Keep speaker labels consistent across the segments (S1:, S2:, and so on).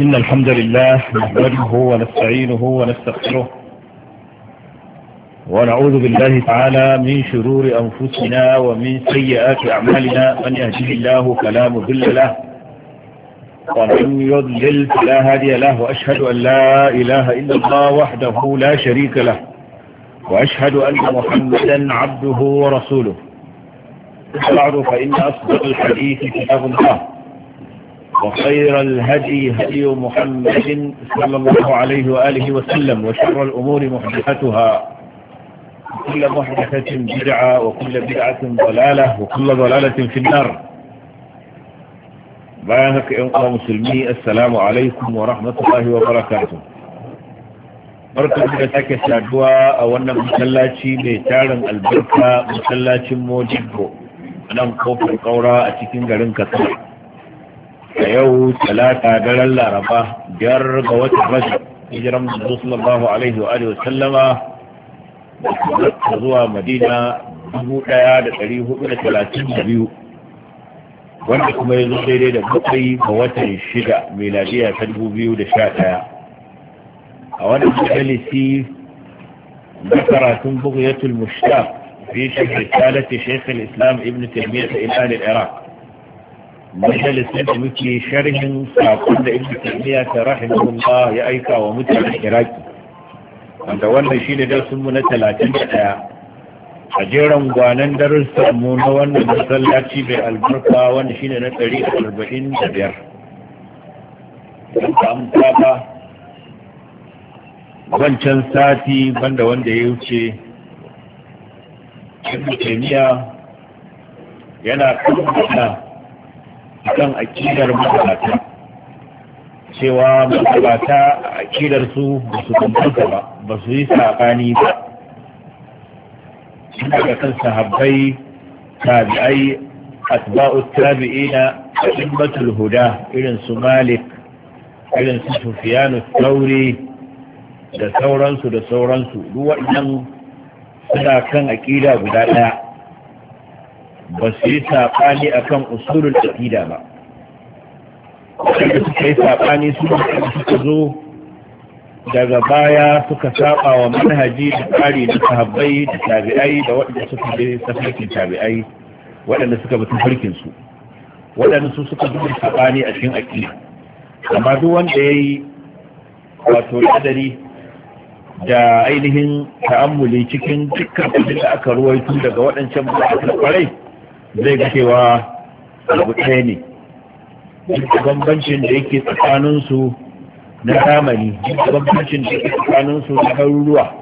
S1: إن الحمد لله نحمده ونستعينه ونستغفره ونعوذ بالله تعالى من شرور أنفسنا ومن سيئات أعمالنا من يهديه الله فلا مذل له ومن يضلل فلا هادي له وأشهد أن لا إله إلا الله وحده لا شريك له وأشهد أن محمدا عبده ورسوله بعد فإن أصدق الحديث كتاب الله وخير الهدي هدي محمد صلى الله عليه وآله وسلم وشر الأمور محدثتها وكل محدثة بدعة وكل بدعة ضلالة وكل ضلالة في النار بيانك أنقى مسلمي السلام عليكم ورحمة الله وبركاته barkar da take saduwa a wannan masallaci mai tarin albarka masallacin mojibbo nan kofar kaura a cikin garin katsina a yau talata daren laraba biyar ga watan rajab hijiran manzo sallallahu alaihi wa alihi sallama da zuwa madina dubu daya da dari hudu da talatin da biyu wanda kuma ya zo daidai da bakwai ga watan shida miladiya ta dubu biyu da sha daya a wani majalisi na karatun bugiyatul mushtaq fi shekh risalati shaykh al-islam ibn taymiyyah ila al-iraq majalisun da muke sharhin sakon da ibn taymiya ta rahimahullah ya aika wa mutanen iraki wanda wannan shine darsin mu na 31 a jeran gwanan darussan mu na wannan masallaci bai albarka wanda shine na 145 an saba wancan sati banda wanda ya wuce ibn taymiya yana kan akan akidar matabata cewa a akidar su ba su kuntanta ba ba su yi saɓani ba sun daga kan sahabbai tabi'ai atba'u tabi'ina a'immatul huda irin su malik irin su sufyanu tauri da sauransu da sauransu duk waɗannan suna kan aƙida guda ɗaya ba su yi saɓani a kan usulul aƙida ba wanda suka yi saɓani su suka zo daga baya suka saɓa wa manhaji da tsari da sahabbai da tabi'ai da waɗanda suka bi tafarkin tabi'ai waɗanda suka bi tafarkin su waɗanda su suka bi saɓani a cikin aƙida amma duk wanda ya yi wato ladari da ainihin ta'ammuli cikin dukkan abin da aka ruwaito daga waɗancan mutane kwarai zai ga cewa abu ɗaya ne bambancin da yake tsakaninsu na zamani bambancin da yake tsakaninsu na garuruwa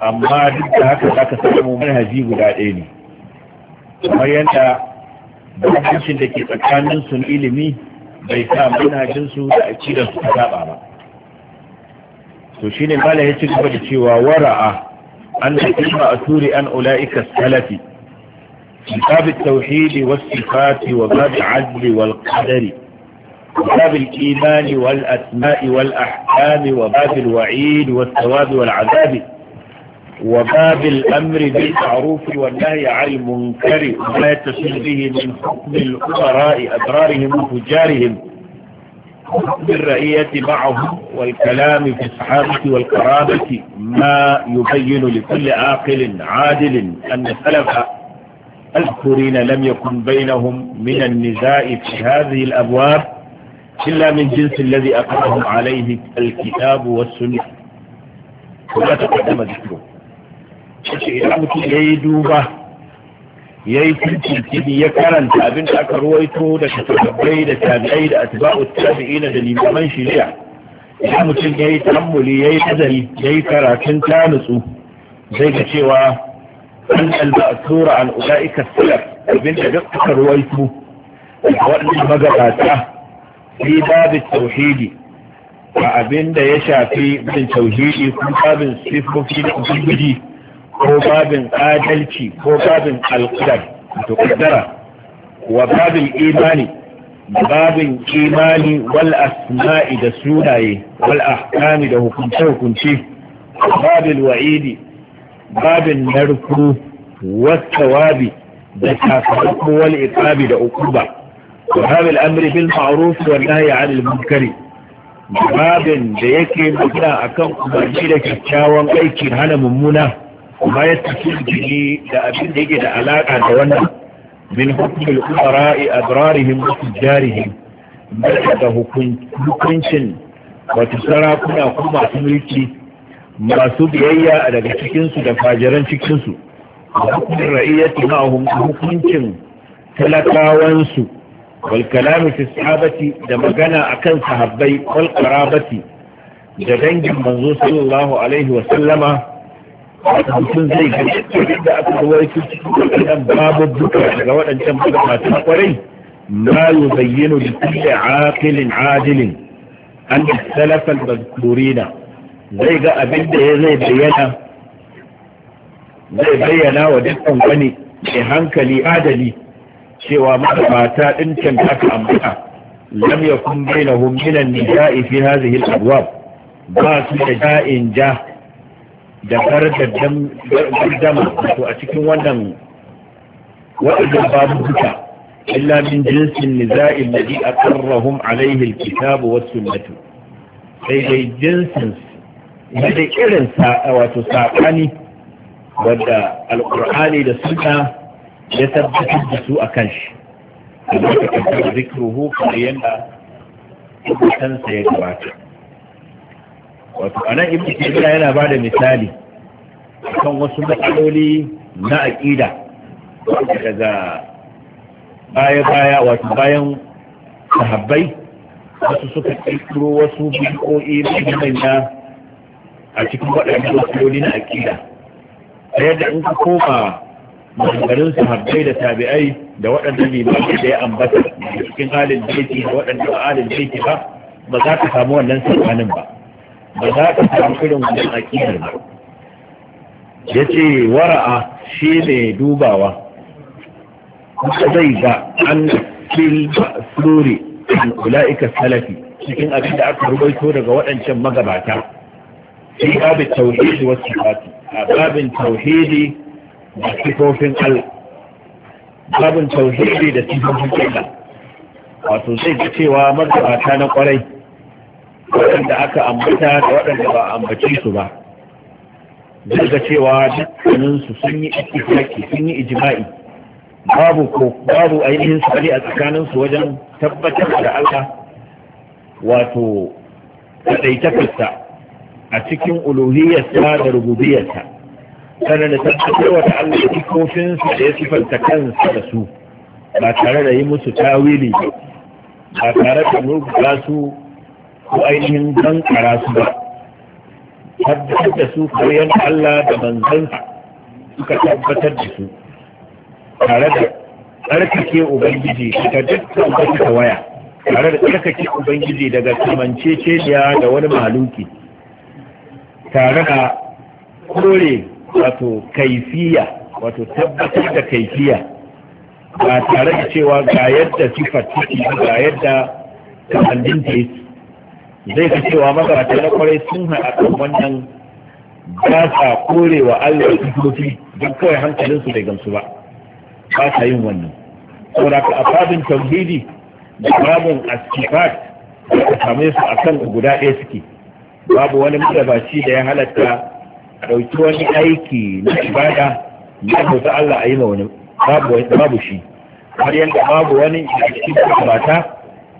S1: amma duk da haka za ka samu manhaji guda ɗaya ne kamar yadda bambancin da ke tsakaninsu na ilimi bai sa manhajinsu da da su ta saba ba to shine mala ya ci gaba da cewa wara'a an tafi a turi an ula'ika salafi كتاب باب التوحيد والصفات وباب العدل والقدر وباب الإيمان والأسماء والأحكام وباب الوعيد والثواب والعذاب وباب الأمر بالمعروف والنهي عن المنكر وما يتصل به من حكم الأمراء أبرارهم وفجارهم وحكم الرئية معهم والكلام في الصحابة والقرابة ما يبين لكل عاقل عادل أن السلف المذكورين لم يكن بينهم من النزاع في هذه الأبواب إلا من جنس الذي أقرهم عليه الكتاب والسنة ولا تقدم ذكره إذا mutum ya yi duba ya yi tuntuntuni ya karanta abin da aka ruwaito da tattabai da tabi'ai da atba'u tabi'ina da limaman shari'a idan mutum ya yi tammuli ya yi ya yi karatun ta nutsu zai ga cewa an al-ma'thura an ulaika salaf abinda duk aka ruwaito waɗannan magabata fi babin tauhidi a abinda ya shafi bin tauhidi ko babin sifofi na ubangiji ko babin adalci ko babin alƙadar to ƙaddara wa babin imani babin imani wal asma'i da sunaye wal ahkami da hukunce hukunce babin wa'idi babin narku wasawabi da sakamako wal iqabi da ukuba wa babil amri bil ma'ruf wa nahyi 'anil munkari babin da yake magana akan umarni da kyakkyawan aikin hana mummuna kuma ya tafi jini da abin da yake da alaka da wannan min hukumul umara'i abrarihim wa tijjarihim da hukuncin wato sarakuna ko masu mulki masu biyayya daga cikinsu da fajiran cikinsu da hukumin ra'iyyati ma'ahum hukuncin talakawansu wal kalamu fi sahabati da magana akan sahabbai wal qarabati da dangin manzo sallallahu alaihi wa sallama mutum zai ga da aka rawaito cikin wannan babu duka daga waɗancan masu kwarai ma yubayyinu li kulli aqilin adilin an salafa al-mazkurina
S2: zai ga abin da ya zai
S1: bayyana zai bayyana wa dukkan wani mai hankali adali cewa mata din can aka ambata lam kun bainahum min an-nisa'i fi hadhihi al ba su da da'in ja da farar da dama wato a cikin wannan waɗannan babu duka إلا من جنس النزاع الذي أقرهم عليه الكتاب والسنة أي جنس da irin wato saɓani wadda alƙur'ani da suna ya tabbatar da su a kan shi da a lokacin da zikruhu kamar yadda kansa ya gabata wato a nan ibn tafiya yana ba da misali kan wasu matsaloli na aƙida daga baya-baya wato bayan sahabbai wasu suka ƙirƙiro wasu na manya a cikin waɗannan matsaloli na aƙida ta yadda in ka koma maganganun sahabbai da tabi'ai da waɗannan limamai da ya ambata da cikin halin daiki da ba halin ba ba za ka samu wannan sakanin ba ba za ka samu irin wannan aƙidar ba ya ce wara'a shi ne dubawa kuma zai ga an fil sururi ula'ika salafi cikin abin da aka rubaito daga waɗancan magabata في a babin والصفات da sifofin Al. Babin باب da sifofin الله wato zai ji cewa mazabata na kwarai waɗanda aka ambata da waɗanda ba ambaci su ba zai ga cewa dukkaninsu sun yi ikifaki sun yi ijima'i babu ko babu ainihin sari a tsakaninsu wajen tabbatar da Allah wato
S2: kaɗaitakarsa
S1: a cikin uluhiyarsa da rububiyarsa sannan da tabbatarwa da Allah da sifofinsa da ya sifanta kansa da su ba tare da yi musu tawili ba tare da rubuta su ko ainihin bankara su ba tabbatar da su koyon Allah da manzansa suka tabbatar da su tare da tsarkake ubangiji daga dukkan wata waya tare da tsarkake ubangiji daga kamanceceniya da wani maluki tare da kore wato kaifiya wato tabbatar da kaifiya
S2: ba tare da
S1: cewa ga yadda sifar ciki ga yadda kamandin ta yake zai ka cewa magabata na kwarai sun haɗa kan wannan ba sa kore wa Allah sifofi don kawai hankalinsu bai gamsu ba ba sa yin wannan saboda ka a fadin tauhidi da babin asifat da ka same su a kan guda ɗaya suke babu wani magabaci da ya halatta a ɗauki wani aiki na ibada ya bauta Allah a yi ma wani babu shi har yadda babu wani cikin mata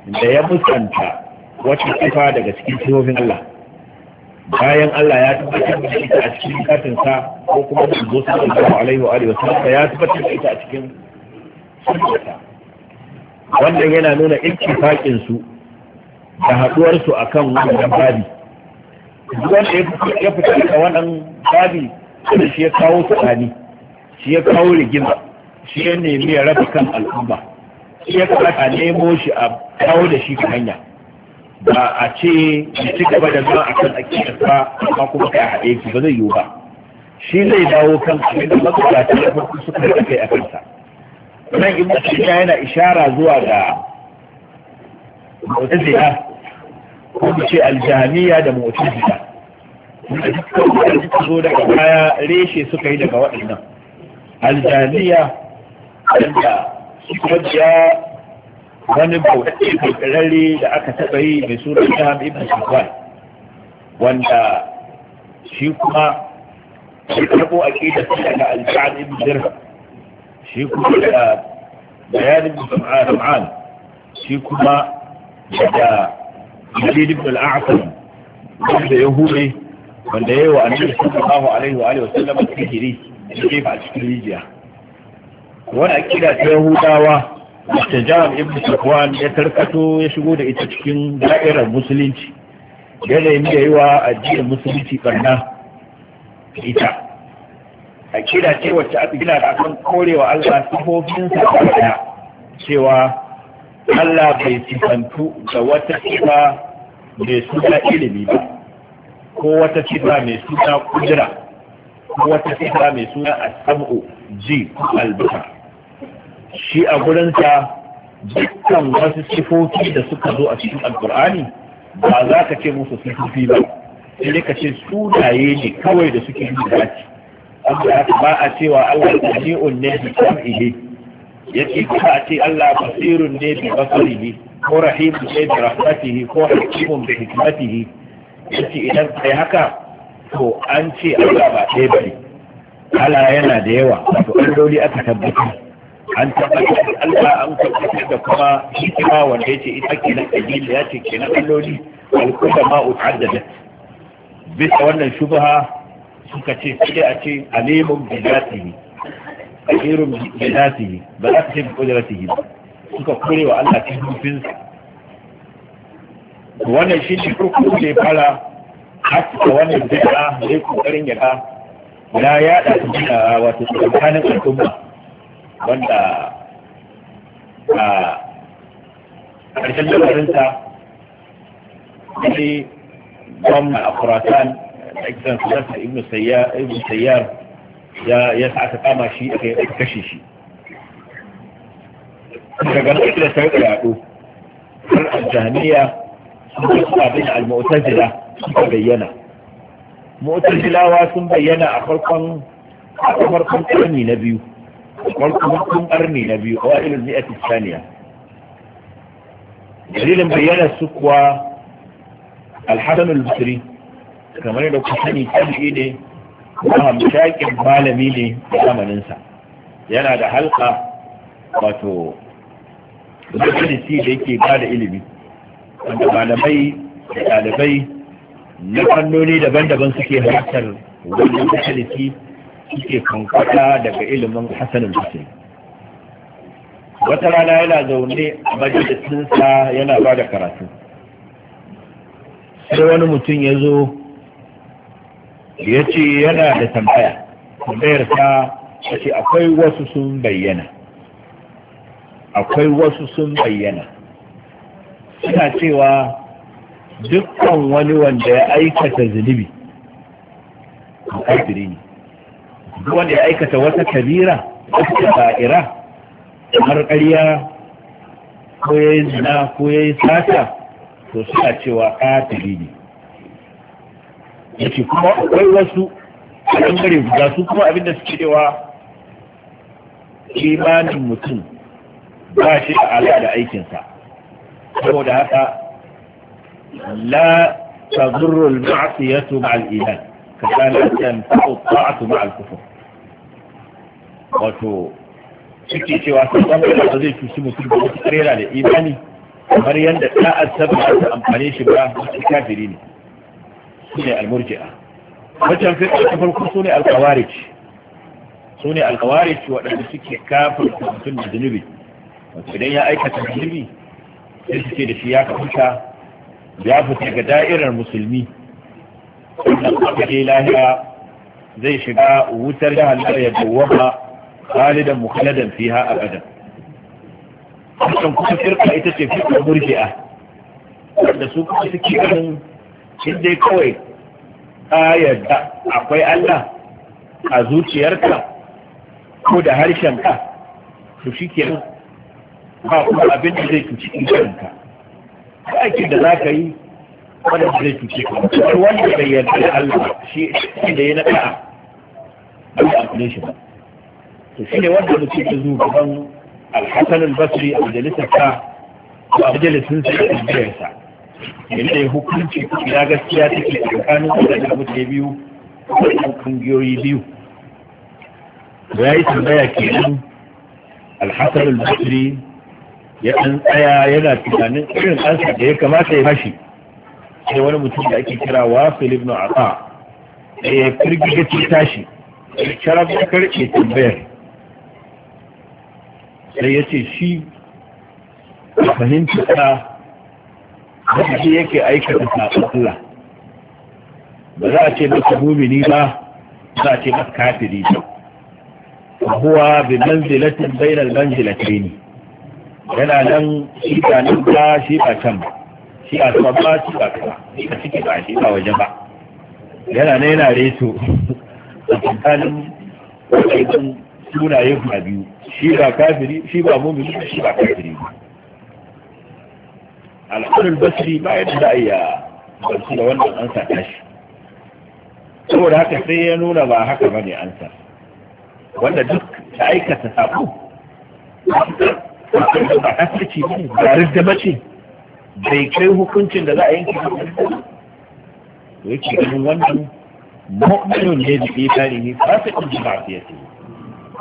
S1: da ya musanta wata sifa daga cikin sifofin Allah bayan Allah ya tabbatar da ita a cikin katinsa ko kuma da zo sallallahu alaihi wa alihi wasallam ya tabbatar da ita a cikin sunnata wannan yana nuna ittifaqin su da haduwar su akan wannan babi wanda ya fita daga wannan babi da shi ya kawo tsakani shi ya kawo rigima shi ya nemi ya rafi kan al'umma shi ya kasa nemo shi a kawo da shi ta hanya ba a ce ya ci gaba da zuwa a kan akidar ba amma kuma kai a haɗe shi ba zai yiwu ba shi zai dawo kan abin da matsala ta farko suka da kai a kansa nan ibnu tayyib yana ishara zuwa ga mu'tazila ko mu ce aljamiya da mu'tazila da suka zo daga baya reshe suka yi daga waɗannan aljamiya wanda su ya wani bauɗaɗɗe kirkirarre da aka taɓa yi mai sura shahab ibn sufwan wanda shi kuma shi karɓo a ƙida su daga aljihar ibn dirham shi kuma daga bayanin musamman shi kuma da. Yazid ibn al-A'sam wanda ya hure
S2: wanda ya yi wa annabi sallallahu
S1: alaihi wa alihi wa sallam sihiri da jefa a cikin rijiya wani akida ta Yahudawa da Jam ibn Safwan ya tarkato ya shigo da ita cikin da'irar musulunci ya nemi da yi wa ajiyar musulunci barna ita akida ce wacce aka gina da akan korewa Allah sifofinsa A cewa Allah bai sifantu da wata sifa mai suna ilimi ba ko wata sifra mai suna kudura ko wata sifra mai suna sam'u ji albuka shi a gurinsa dukkan wasu sifofi da suka zo a cikin alkur'ani ba za ka ce musu sifofi ba sai ka ce sunaye ne kawai da suke yi da ake ba a cewa Allah ta ne bi sam'ihi yake kuma a ce Allah basirun ne bi basarihi ko rahimu ne bi rahmatihi ko hakimun bi hikmatihi yace idan kai haka to an ce Allah ba ɗaya bane Allah yana da yawa wato alloli aka tabbatar an tabbatar da Allah an tabbatar da kuma hikima wanda yace ita kenan dalili ya ce kenan alloli alkuda ma utaddadat bisa wannan shubha suka ce sai a ce alimun bi zatihi kafirun irin nasihi ba za ka ce bi kudratihi suka kure wa Allah cikin hukuncinsa wannan shi ne farko da ya fara haska wannan bid'a da ya kokarin ya na yada su bid'a wato tsakanin al'umma wanda a ƙarshen lamarinsa shi gwamna a kuratan da ake ibn sayyar ya ya aka kama shi aka kashe shi daga nan da sai ka yado har al-jahmiya sun ka bin al-mu'tazila suka bayyana mu'tazilawa sun bayyana a farkon a farkon karni na biyu farkon karni na biyu a wa'ilul mi'ati thaniya dalilin bayyana su kuwa Alhassan hasan al-basri kamar da ku sani tabi'i ne hamshakin malami ne a zamaninsa yana da halka wato majalisi da yake ba da ilimi wanda malamai da ɗalibai na fannoni daban-daban suke halartar wani majalisi suke kankwata daga ilimin hasanin basiri wata rana yana zaune a majalisinsa yana ba da karatu sai wani mutum ya zo ya ce yana da tambaya tambayar ta ce akwai wasu sun bayyana akwai wasu sun bayyana suna cewa dukkan wani wanda ya aikata zunubi kafiri ne duk wanda ya aikata wata kabira wata ba'ira kamar ƙarya ko ya yi zina ko ya yi sata to suna cewa kafiri ne yake kuma akwai wasu a ɓangare guda su kuma abinda suke cewa imanin mutum ba shi da ala da aikinsa saboda haka la تضر المعصية مع الإيمان فلا تنفع الطاعة مع الكفر wato suke cewa sun san da zai cuci mutum da wata karera da imani kamar yadda ta'ar sabba ta amfane shi ba wata kafiri ne su ne almurji'a wacan firka ta farko su alkawarij su alkawarij waɗanda suke kafin mutum da zunubi idan ya aikata zunubi sai su ce da shi ya kafuta ya fita ga da'irar musulmi wannan zai shiga wutar jahannar ya dawwama khalidan mukhaladan fiha abadan wannan kuma firka ita ce firka murji'a wanda su kuma suke ganin dai kawai ka yadda akwai Allah a zuciyarka ko da harshenka to shi ke ba kuma abin da zai cuci ɗinkarinka ba aikin da za ka yi wadda zai cuci ka wanda bai yarda da Allah shi da ya na ka'a ba a kudin shi ba to shi ne wanda mutum ya zo gaban alhassan albasri a majalisar ka a majalisin sa a yadda hukunci ya gaskiya take da tsakanin wadanda mutane biyu ko kungiyoyi biyu da ya yi tambaya kenan alhassan al-basri ya ɗan tsaya yana tunanin irin ansa da ya kamata ya bashi sai wani mutum da ake kira wa filip na aka da ya firgiga ce tashi ya kira da tambayar sai ya ce shi fahimta wanda yake aikata sabon Allah ba za a ce masa mumini ba za a ce masa kafiri ba huwa bi manzilatin bainal manzilatayn yana nan shi ba nan ba shi ba can ba shi a sama ba shi ba kama shi a ciki ba shi ba waje ba yana nan yana reto a tsakanin wajen sunaye guda biyu shi ba kafiri shi ba mumini shi ba kafiri ba al'adun basiri ba yadda za a yi barci da wannan ansa tashi saboda haka sai ya nuna ba haka ba ne ansa wanda duk ta aikata sabo ba kafirci ne ba da bace bai kai hukuncin da za a yanke hukuncin to yake ganin wannan mu'minun ne da imani ne fasikin su mafiyati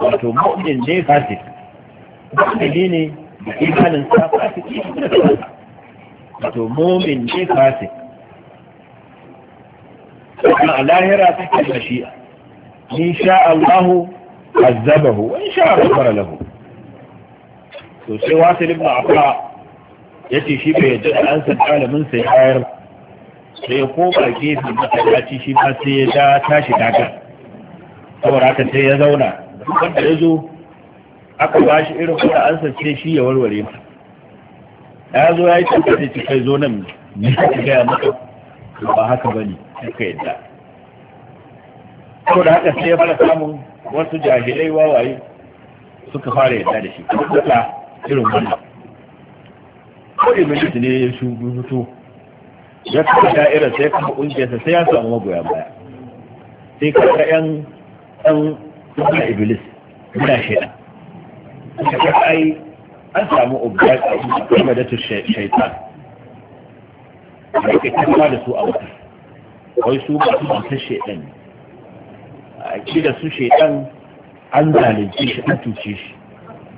S1: wato mu'min ne fasik mu'mini ne da imanin sa fasiki ne da kansa wato momin ne fasik kuma a lahira take shi in sha Allah azabahu wa in sha fara lahu to sai wasil ibn afa yace shi bai yadda da an san ɗalibin sai ayar sai ya koma gefe ci shi ba sai ya da tashi daga saboda haka sai ya zauna wanda ya zo aka ba shi irin wanda an sace shi ya warware mu ya zo ya yi tafiya ce kai zo nan ne ka gaya maka ba haka ba ne ka yadda da haka sai ya fara samun wasu jahilai wawaye suka fara yadda da shi kuma suka irin wannan ko iblis ne ya shugubuto ya kafa da'irar sai kuma kungiyarsa sai ya samu magoya baya sai ga yan yan iblis guda shida suka kai an samu ubiyar kuma da ta shaitan da ke kama da su a wata wai su ba su ta shaitan a ci da su shaitan an zalunce shi an tuce shi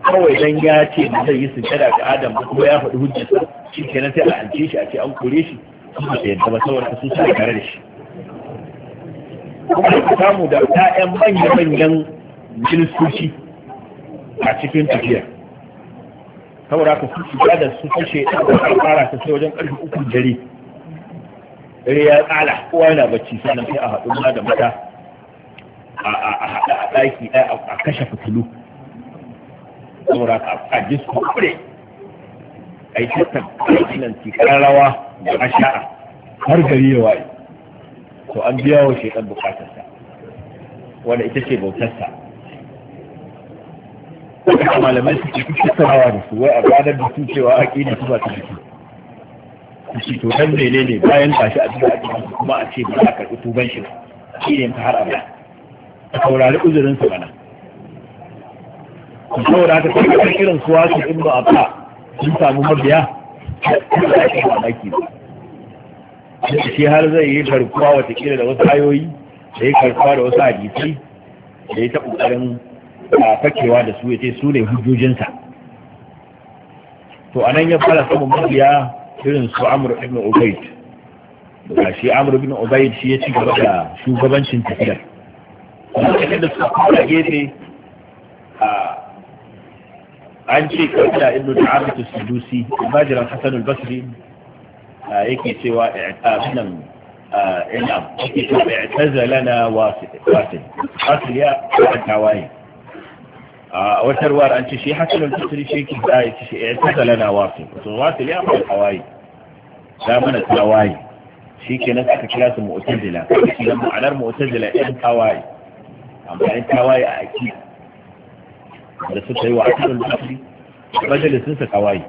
S1: kawai dan ya ce da zai yi sujada ga adam kuma ya faɗi hujjarsa shi kenan sai a alce shi a ce an kore shi kuma da yadda ba saboda su sai tare da shi kuma ka samu da ta'yan manya-manyan jinsoci a cikin tafiyar saboda ka su shiga da su kashe ɗan fara ta sai wajen ƙarfi uku dare dare ya tsala kowa yana bacci sannan sai a haɗu da mata a haɗa a ɗaki a kashe fitilu saboda ka a disko kure a yi tattar ɗakinan cikar rawa da asha'a har gari ya waye to an biya wa shekar bukatarsa wanda ita ce bautarsa da malamai suke kuke sanawa da su wai a ranar da su cewa aƙida su ba ta jiki shi to nan mene ne bayan shi a cikin aƙida kuma a ce ba a karɓi tuban shi shi ne ta har abada a saurari uzurin sa bana ku saboda haka sai kan irin su wasu in ba a ba sun samu mabiya ba a yi mamaki
S3: ba
S1: shi har zai yi karkuwa watakila da wasu ayoyi da ya karkuwa da wasu hadisai da ya ta ƙoƙarin a fakewa da su ya ce su ne hujjojinsa to anan ya fara samun mabiya irin su amur ibn ubaid da shi amur ibn ubaid shi ya ci gaba da shugabancin tafiyar lokacin da suka fara gefe a an ce kawai ibn ta'abit as-sudusi bajiran hasan al-basri yake cewa i'tabinan ina yake cewa ya wasil wasu ya tawaye. a wata ruwa an ce shi hasalin tuturi shi ke za a ce eh, ya ta zalana wasu to wasu ya fara hawaii ta mana tawaye shi ke nan aka kira su mu'tazila shi nan ma'anar mu'tazila yan tawaye amma yan tawaye a aiki da su ta yi wa hasalin tuturi majalisun su tawaye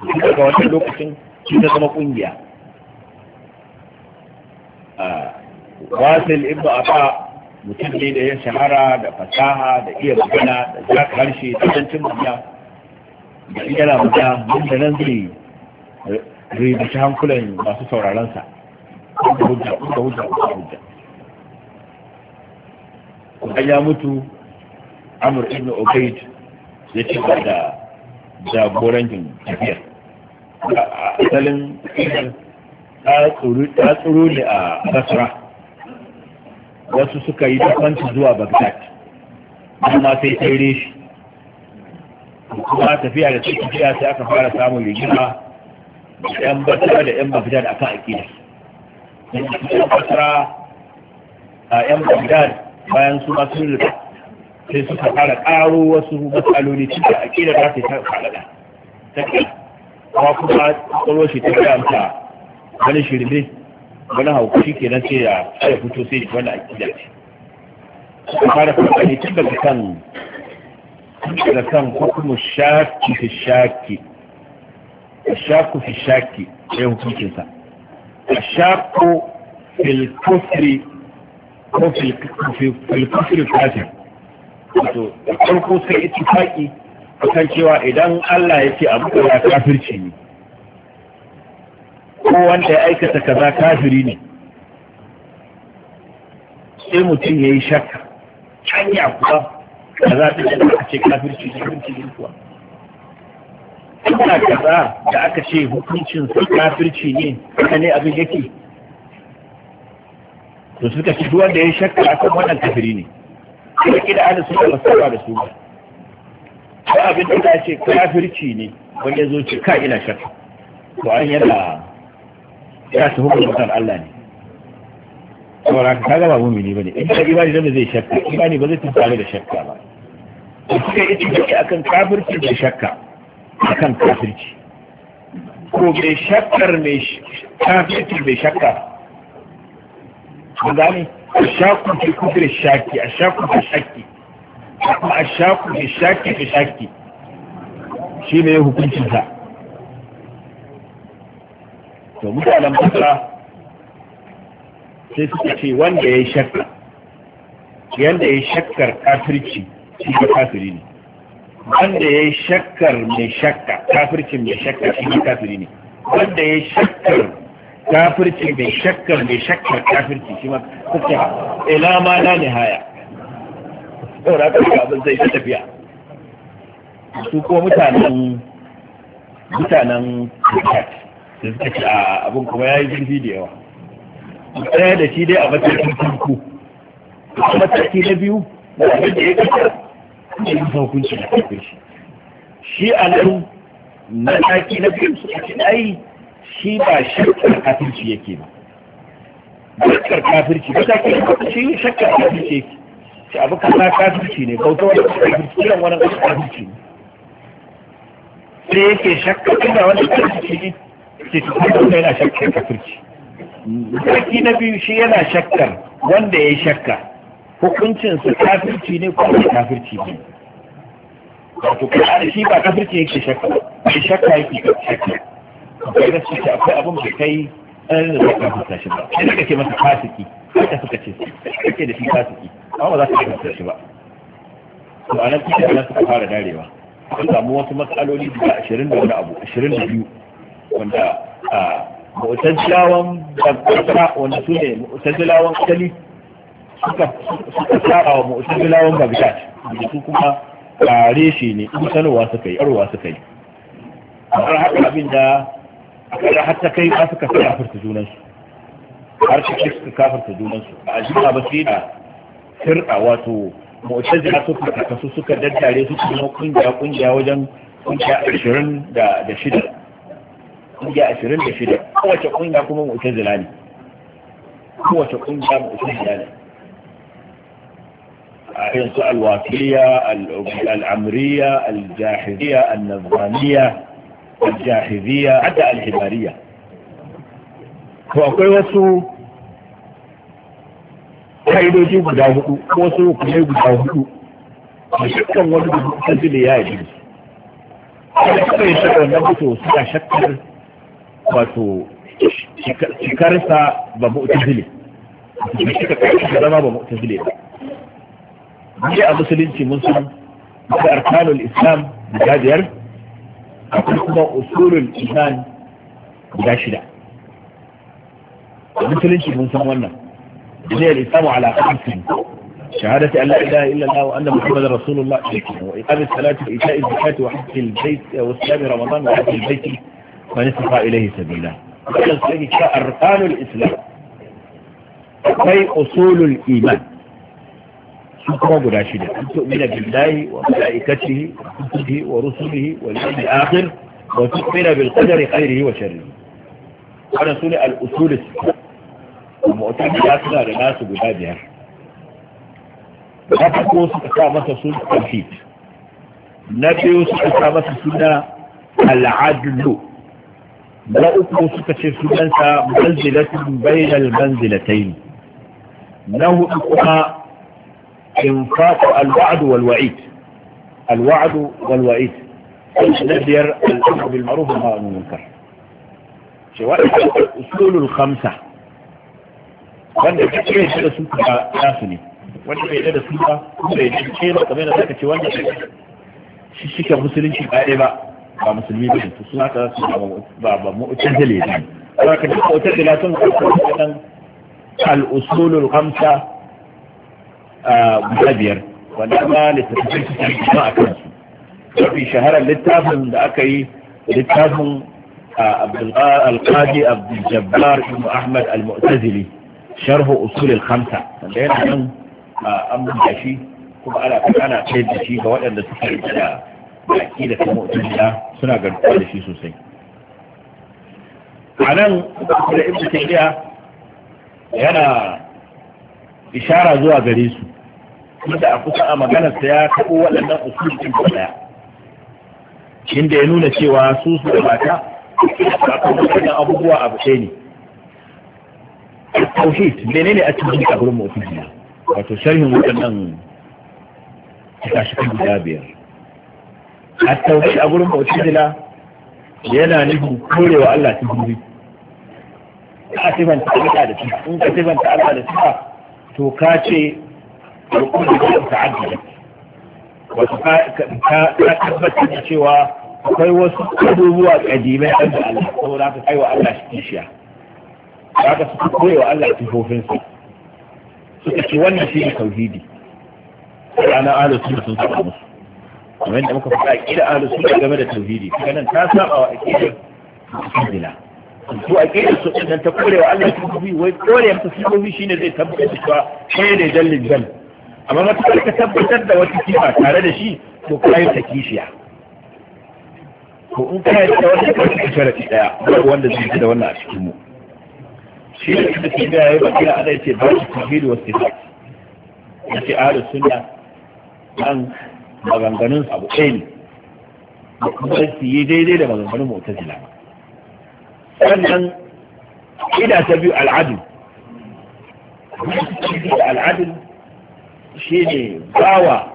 S1: suka ga wata lokacin shi ta zama kungiya wasil ibnu afa mutum ne da ya shahara da fasaha da iya magana da jaka harshe da cancin magana da yana mun da nan zai rubuta hankulan masu saurarensa da hujja da hujja da hujja ya mutu amur ibn ubayd ya ci da jagorancin tafiyar asalin ta tsoro ne a basra wasu suka yi dafanci zuwa bagdad amma sai tsere shi kuma tafiya da cikin jiya sai aka fara samun rigima yan basra da yan bagdad a kan akida yan basra a yan bagdad bayan su masu rika sai suka fara ƙaro wasu matsaloli cikin akida da ta ta faɗaɗa ta kuma kuma tsoro shi ta gaya wani shirme wani hauku shi kenan sai ya ya fito sai ya wani akida ce su fara kokari tun daga kan da kan hukumu shaki fi shaki shaku fi shaki ya hukuncin sa shaku fil ko fil kufri wato da farko sai a kan cewa idan Allah ya ce abu da kafirci ne ko wanda ya aikata kaza kafiri ne sai mutum ya yi shakka canya kuwa kaza ta da aka ce kafirci kafirci ne kuwa ina kaza da aka ce hukuncin su kafirci ne haka ne abin yake to suka ci duk da ya shakka akan wannan kafiri ne sai kida ana suka masaba da su ba ko abin da ce kafirci ne wanda zo ce ka ina shakka to an yana ya su hukunta kan Allah ne saboda haka kaga ba mumini bane in ka imani da zai shakka imani ba zai tsare da shakka ba in kuka yi ittifaqi akan kafirci da shakka akan kafirci ko bai shakkar mai kafirci bai shakka kun gane ashakun fi kufri shaki ashakun fi shaki kuma ashakun ke shaki ke shaki shi ne hukuncinsa to mutanen basra sai suka ce wanda ya yi shakka yanda ya yi shakkar kafirci shi ga kafiri ne wanda ya yi shakkar mai shakka kafircin mai shakka shi ga kafiri ne wanda ya yi shakkar kafircin mai shakkar mai shakkar kafirci shi ma suka ila ma na haya. yau na kafin abin zai ta tafiya su ko mutanen mutanen kafirci sai suka ce a abin kuma ya yi zurfi da yawa tsaya da shi dai a matakin farko a mataki na biyu da abin da ya kasar ne yin hukunci da kafin shi shi a nan mataki na biyu suka ce ai shi ba shakkar kafirci yake ba shakkar kafirci mataki na farko shi shakkar kafirci yake shi abu kasa kafirci ne bauta wani kafirci kiran wani kafirci ne sai yake shakkar kuma wani kafirci ne ce yana shakkar kafirci sarki na biyu shi yana shakkar wanda ya shakka hukuncinsa kafirci ne ko ba kafirci ne wato kai shi ba kafirci yake shakka shi shakka yake shakka kai da shi akwai abin da kai an da zaka fita shi ba kake masa fasiki haka suka ce kake da shi fasiki amma ba za ka fita shi ba to anan kike da suka fara darewa an samu wasu matsaloli da 20 da wani abu 22 wanda a mutajilawan babbata wanda su ne mutajilawan kali suka tsara wa mutajilawan bagdad da su kuma tare shi ne in sanarwa suka yi arwa suka yi har haka abin da aka har ta kai ba suka kafarta junansu har cikin suka kafarta junansu a jima ba sai da fir'a wato mu'tazila suka kasu suka daddare su kuma kungiya kungiya wajen kungiya ashirin da shida kungiya ashirin da shida kowace kungiya kuma mu'tazila ne kowace kungiya mu'tazila ne irin su alwafiya al'amriya aljahiliya annazaniya aljahiliya hadda alhibariya to akwai wasu kaidoji guda hudu ko wasu hukumai guda hudu a shakkan wani da ya yi kada kawai shakar na mutu suna shakkar wato cikarsa ba mu'tazili
S2: da shi ka kai ka zama
S1: ba mu'tazili ba ni a musulunci mun san da arkanul islam guda biyar akwai kuma usulul iman guda shida musulunci mun san wannan ne al-islamu ala khamsin شهادة أن لا إله إلا الله وأن محمد رسول الله وإقام الصلاة وإيتاء الزكاة وحج البيت وصيام رمضان وحج البيت من استطاع إليه سبيلا وإلى أركان الإسلام أي أصول الإيمان سكرة براشدة أن تؤمن بالله وملائكته وكتبه ورسله واليوم الآخر وتؤمن بالقدر خيره وشره وأنا سنة الأصول السنة المؤتمرات لا لناس بهذه na farko suka sa masa suna tauhid na biyu na uku suka ce sunansa manzilatun bainal manzilatain na hudu kuma infaqu alwa'd wal wa'id alwa'd wal wa'id na biyar al'amr bil ma'ruf wal nahy anil munkar cewa usulul khamsa wanda kake shi da su ka tasu ne wanda bai da su ba bai da kera kamar da kake ce wanda shi shi musulunci ba ba ba musulmi ba su suna ta su ba ba mu'tazile ne kuma ka da sun kafa nan al-usulul khamsa guda biyar wanda kuma littattafai su kuma a kansu mafi shaharar littafin da aka yi littafin al-qadi abdul-jabbar ibn ahmad al-mu'tazili sharhu usulul khamsa wanda yana nan an buga shi kuma ana ana kai da shi ga waɗanda suka yi da baki da kuma utubiya suna garkuwa da shi sosai a nan da ibn taymiya yana ishara zuwa gare su inda a kusa a maganarsa ya taɓo waɗannan usulun da ɗaya inda ya nuna cewa su su da mata kan waɗannan abubuwa a ɗaya ne tauhid menene a cikin a gurin mutum wato sharhin waɗannan shi kan guda biyar a tauhid a gurin mu'tazila yana nufin korewa Allah ta guri ka sifanta Allah da sifa in ka sifanta Allah da sifa to ka ce rukun da ta ta'addada wato ka tabbatar da cewa akwai wasu abubuwa kadimai an da Allah saboda ka kai wa Allah shi kishiya za ka suka koyewa Allah sifofinsa suka ce wannan shi ne tauhidi ranar alusun sun saba musu kamar yadda muka faɗa aƙida ahlus sunna game da tauhidi kaga nan ta saba wa aƙidar mu'tazila to aƙidar su din ta kore wa Allah tauhidi wai kore masa tauhidi shine zai tabbatar da cewa kai ne dallin dal amma matakar ka tabbatar da wata kifa tare da shi to kai ta kishiya ko in kai da wata kashin sharafi daya babu wanda zai ji da wannan a cikin mu
S2: shi ne da ke ga yayi bakira Allah
S1: yace ba shi tauhidi wasu sifat yace ahlus sunna an maganganun abu ɗaya ne da kuma su yi daidai da maganganun mu'tazila sannan ida ta biyu al'adil al'adun shi ne bawa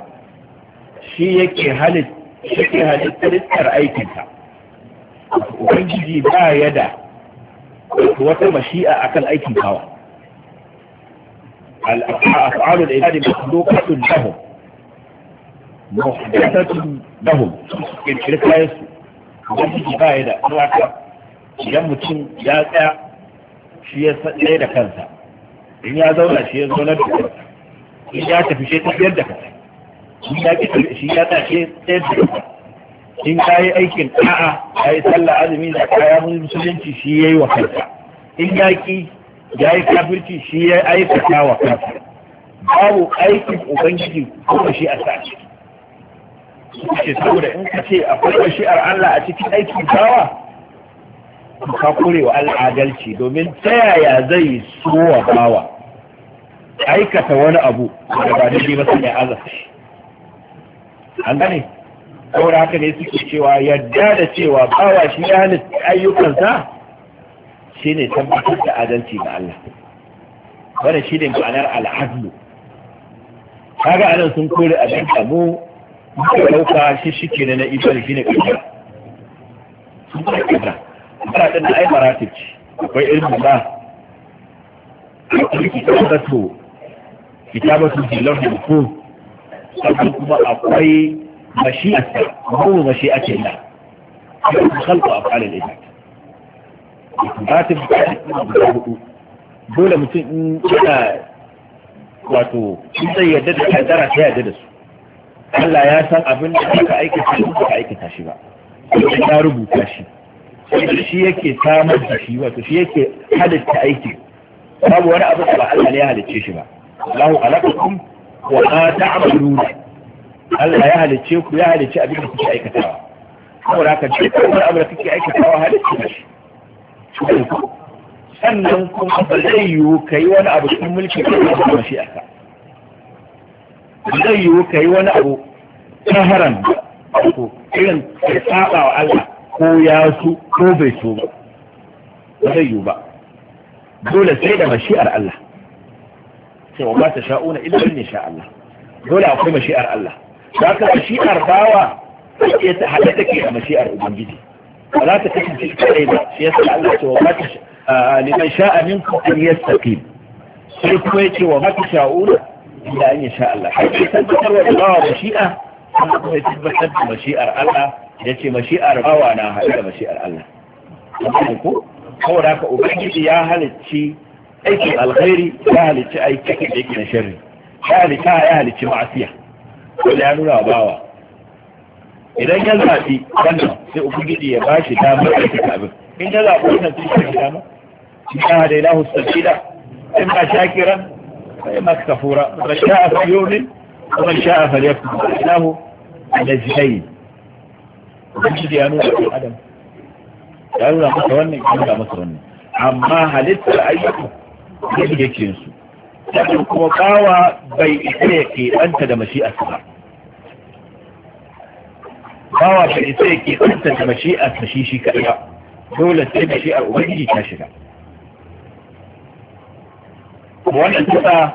S1: shi yake halittar aikinsa ubangiji ba ya da wata mashi'a akan aikin kawa al'afa'alul ibadi makhluqatun lahum muhdathatun lahum kirkiri kayan su ubangiji ba ya da alaka idan mutum ya tsaya shi ya tsaye da kansa in ya zauna shi ya zauna da kansa in ya tafi shi tafiyar da kansa in ya ki shi ya tsaya shi tsayar da kansa in ka yi aikin a'a ya yi sallah azumi da kaya musulunci shi ya yi wa kansa in ya ki ya yi kafirci shi ya yi aikata wa kansa babu aikin ubangiji kuma shi a sashi ce saboda in ka ce akwai bashi'ar Allah a cikin aikin kawa ka kore wa Allah domin ta yaya zai so wa bawa aikata wani abu da ba daidai ba sai ya azaba an gane saboda haka ne suke cewa yadda da cewa bawa shi ya halitta ayyukansa shine tabbatar da adalci ga Allah wannan ne ma'anar al'adlu kaga anan sun kore abin da mu ya ɗauka shi shi ke na ibal gina ne ƙaddara sun ba ƙaddara ba ɗan da ai maratib ce akwai ilmu ba akwai kitabatu kitabatu jilar hukum sannan kuma akwai a mashi'ata ruhu a Allah akwai ba af'al al-ibad kitabatu guda hudu dole mutum in yana wato in zai yarda da kaddara ta yarda da su Allah ya san abin da aka aikata shi ba aikata shi ba ya rubuta shi shi yake samar da shi wato shi yake halitta aiki babu wani abu da Allah ne ya halicce shi ba Allahu alaqakum wa ma ta'malun Allah ya halicce ku ya halicce abin da kuke aikatawa saboda haka duk wani abu da kuke aikatawa halicce shi sannan kuma ba zai yiwu kai wani abu cikin mulki ko kuma shi aka zai yiwu ka yi wani abu ta haram ko irin ka saba wa Allah ko ya su ko bai so ba ba zai yiwu ba dole sai da mashi'ar Allah sai wa ba ta sha'una idan ne sha'allah. dole akwai mashi'ar Allah da ka mashi'ar bawa sai ta hada take da mashi'ar ubangiji ba za ta kasance kai ba shi yasa Allah ce wa ba ta liman sha'a minkum an yastaqim sai kuma yace wa ma ta sha'una illa an yasha Allah sai tabbatar wa bawa mashi'a kuma kuma tabbatar da mashi'ar Allah yace mashi'ar bawa na haɗu da mashi'ar Allah kuma ko da ka ubangiji ya halicci aikin alkhairi ya halicci aikin da yake na sharri ya halicci ya halicci ma'asiya wanda ya nuna wa bawa idan ya zaɓi wannan sai ubangiji ya ba shi damar aikata abin in ya zaɓi wannan sai shi dama in ya hada ilahu sabila in ba shakiran فإما كفورا من شاء فليؤمن ومن شاء فليكفر إله نزلين ubangiji ya nuna ɗan adam ya nuna masa wannan ya nuna masa wannan amma halittar ayyuka ne da yake su sannan kuma bawa bai isa keɓanta da mashi'arsa ba bawa bai keɓanta da shi shi dole sai ubangiji ta shiga wannan kisa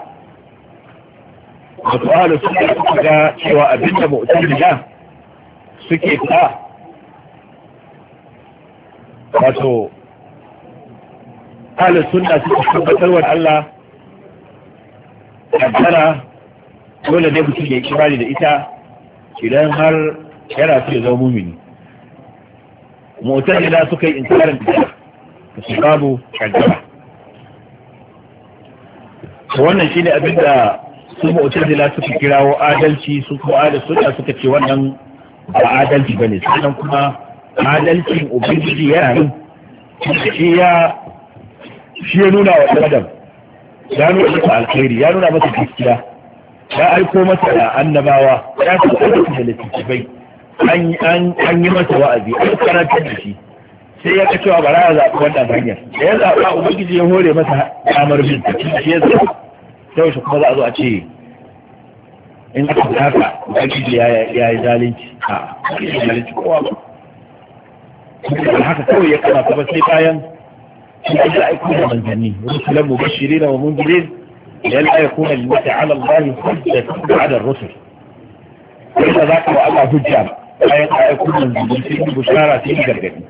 S2: wato ahalu suna suka ga cewa abinda da
S1: suke ta wato ahalu suna suka tabbatar Allah kaddara dole ne mutum ya yi da ita idan har yana su ya zama mumini da suka yi inkarin da su babu kaddara wannan shine abin da su mu'tazila suka kirawo adalci su kuma ahlus sunna suka ce wannan ba adalci bane sannan kuma adalcin ubangiji yana nan shi ya shi ya nuna wa adam ya nuna masa alkhairi ya nuna masa gaskiya ya aiko masa da annabawa ya tabbata da littattafai an yi masa wa'azi an karanta da shi sai ya ga cewa bara ya zaɓi wannan hanyar da ya zaɓa ubangiji ya hore masa damar bin ta shi ya zaɓa sai shi kuma za a zo a ce in aka haka ubangiji ya yi zalunci a ubangiji zalunci kowa ba kuma haka kawai ya kama ba sai bayan shi ya da aiko da manzanni rusulan mubashirin wa munzirin lalla yakuna lillahi ala allahi hujjatun ba'da adar rusul kai da zaka wa Allah hujja bayan aiko manzanni sai bushara sai gargadi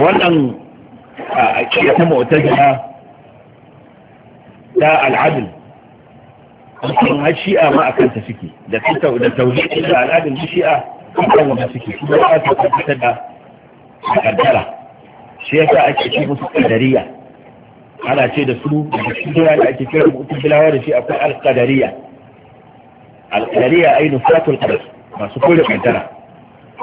S1: wannan a kiyar ta mu'tazila ta al'adil sun har shi'a ma a kanta suke da da tauhidi da al'adil shi'a kan wanda suke su ba su tabbatar da kaddara shi yasa ake ce musu kadariya ana ce da su da cikin da ake kira mu'tazilawa da shi akwai al-qadariyya al-qadariyya ay nufatul qadar masu kore kaddara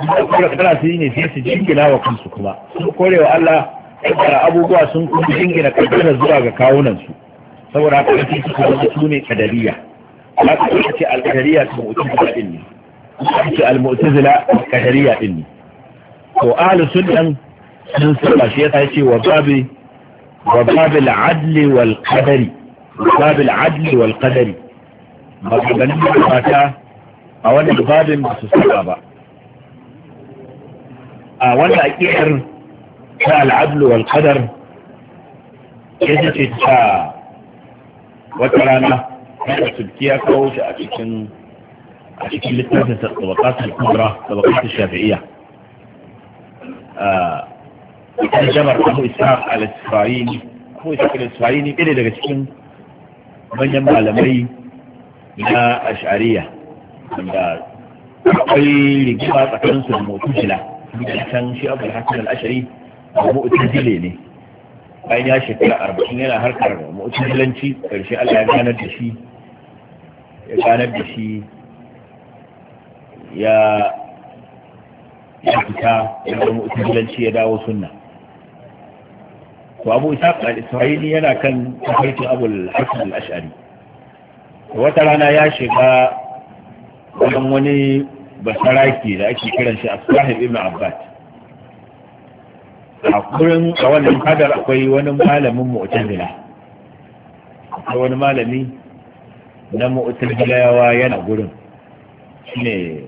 S1: da kura kara su yi ne sai su jingina wa kansu kuma sun korewa Allah kaddara abubuwa sun kuma jingina kaddara zuwa ga kawunansu saboda haka kace su kuma su ne kadariya ba ka kace al-kadariya su mu'tazila din ne kace al-mu'tazila kadariya din ne to ahlus sunnah sun saba shi yasa yace wa babi wa babil adli wal qadari babil adli wal qadari maganganun mata a wannan babin ba su saba ba آه، ولا اكير شاء العدل والقدر يجد اتشاء وكرانا هذا سبكيه كوش اكيشن اكيشن لتنزل الطبقات الكبرى طبقات الشافعية آه، كان جمر ابو اسحاق على السفاريني ابو اسحاق على السفاريني كده ده كتشن من يمع لمي لا اشعرية عند قيل جبا تكنس الموتوجلة can shi abu hasan a ashari mu'tazile ne bayan ya shekara arba'in yana harkar mu'tazilanci karshe Allah ya ganar da shi ya ganar da shi ya ya fita ya zama mu'tazilanci ya dawo sunna to abu ishaq al-isra'ili yana kan tafarkin abu hasan al-ashari wata rana ya shiga wajen wani basaraki da ake kiran shi a asahib ibn abbas a kurin a wannan hadar akwai wani malamin mu'tazila akwai wani malami na yawa yana gurin shine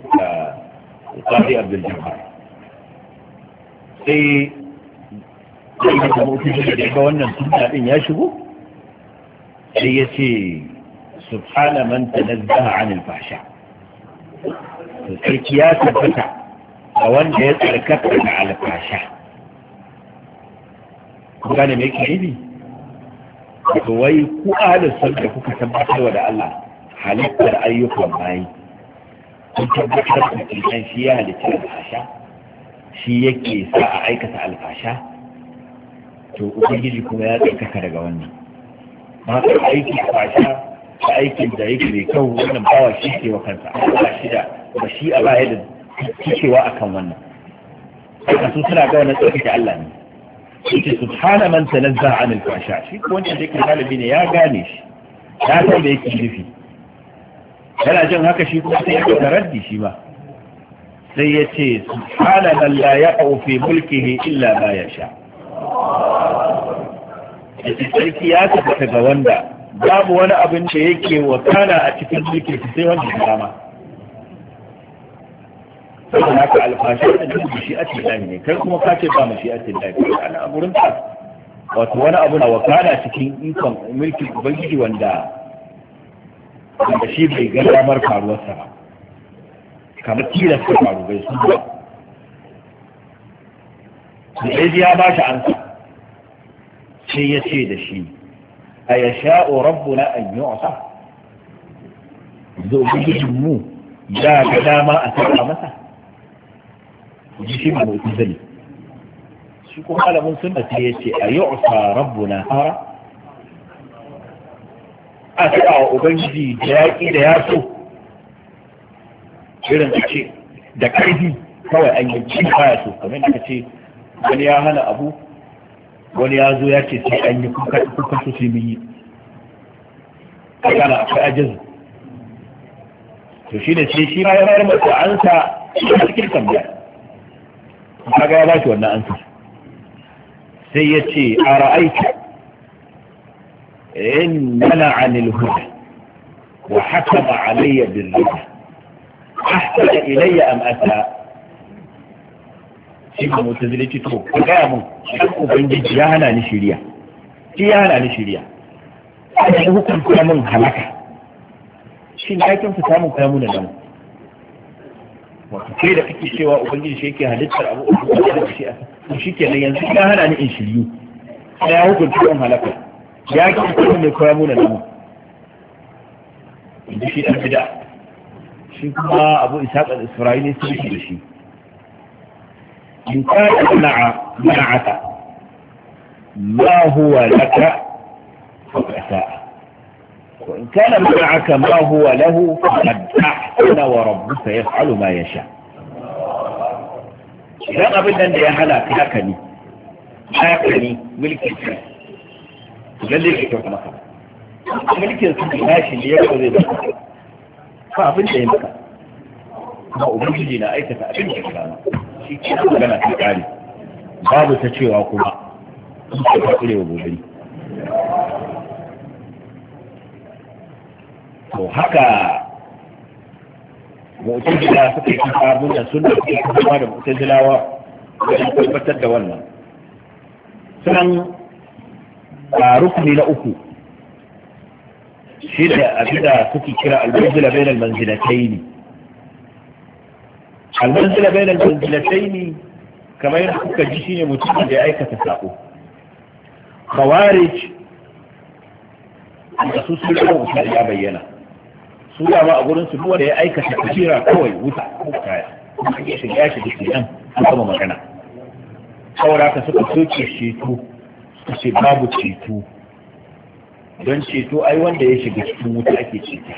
S1: Qadi Abdul Jabbar sai sai da mu'tazila da ga wannan sunna din ya shigo sai ya ce, subhana man tanazzaha 'anil fahsha to sarki ya tabbata a wanda ya tsarkaka da alfasha ku gane me yake nufi to wai ku alisan da kuka tabbatarwa da Allah halittar ayyukan bayi kun tabbatar da cikin shi ya halitta alfasha shi yake sa a aikata alfasha to ubangiji kuma ya tsarkaka daga wannan ba aiki alfasha da aikin da yake mai kyau wannan bawa shi ke wa kansa ba ba shi a baya da cewa akan wannan haka su suna ga wannan tsarki da Allah ne yake subhana man tanazza an al-fasha shi ko wanda yake galibi ne ya gane shi ya san da yake nufi yana jin haka shi kuma sai ya ga raddi shi ma sai ya ce subhana man la yaqau fi mulkihi illa ma yasha yake sarki ya tafi ga wanda babu wani abin da yake wakana a cikin mulkin sai wanda ya dama
S2: هناك على فاشل
S1: من مشيئة الله ني كيف كما فاشل بها مشيئة الله أنا أبرم تاس وأنا أبنى وكانا تكين إنكم ملك بيجي واندا
S2: لي قرر مركع
S1: الوسرع كما تيلا سمع ربي سمع لأيدي يا باشا أنت شيء يسيد الشيء أيشاء ربنا أن يعصى ذو بيجي جمو جاء كذا ما أتبع ji shi ba mutum zali shi kuma alamun sunna sai ya ce a yi usa rabbuna fara a taɓa wa ubangiji da yaƙi da ya so irin a ce da ƙarfi kawai an yi ci ya so kamar da ce wani ya hana abu wani ya zo ya ce sai an yi kuka su sai mun yi kakana akwai ajizu to shi ne sai shi ma ya bayar masa an sa cikin tambaya kaga ya bashi wannan ansa sai ya ce a ra'aita in mana anil huda wa hakama alayya bin rida ahsana ilayya am asa shi ba mutu zile ce to ka gaya mun shan ubangiji ya hana ni shirya shi ya hana ni shirya a yi hukunta mun halaka shi na aikin su samun kamun da nan wato kai da kake cewa ubangiji shi yake halittar abu uku da shi a to shikenan yanzu ya hana ni in shiryu sai ya hukunta in halaka ya ki kuma mai koya mu da namu inji shi dan bid'a shi kuma abu ishaq al-isra'ili sai shi shi in ka na'a mana'ata ma huwa laka fa sa'a وإن كان معك ما هو له فقد ana wa ya yaf'alu ma sha. idan abin nan da ya hana ka haka ne haka ne mulkin ka lalle ka kyauta maka mulkin su na shi ne yau zai baka ba abin da ya maka ba ubangiji na aikata abin da ya gama shi ke magana ta kare babu ta cewa kuma su ke kakure wa gobe to haka mu'tazila suka yi abin da sunna suka yi kuma da mu'tazilawa wajen tabbatar da wannan sanan a rukuni na uku shi da abinda suke kira almanzila bayan almanzilatai ne almanzila bayan almanzilatai ne kamar yadda kuka ji shine mutum da ya aikata sako khawarij da su sun rabu ya bayyana tura ba a gurin su duwa da ya aikata kabira kawai wuta kaya ya shiga ya ke nan an kama magana saboda haka suka soke ceto su ce babu ceto don ceto ai wanda ya shiga cikin wuta ake ceto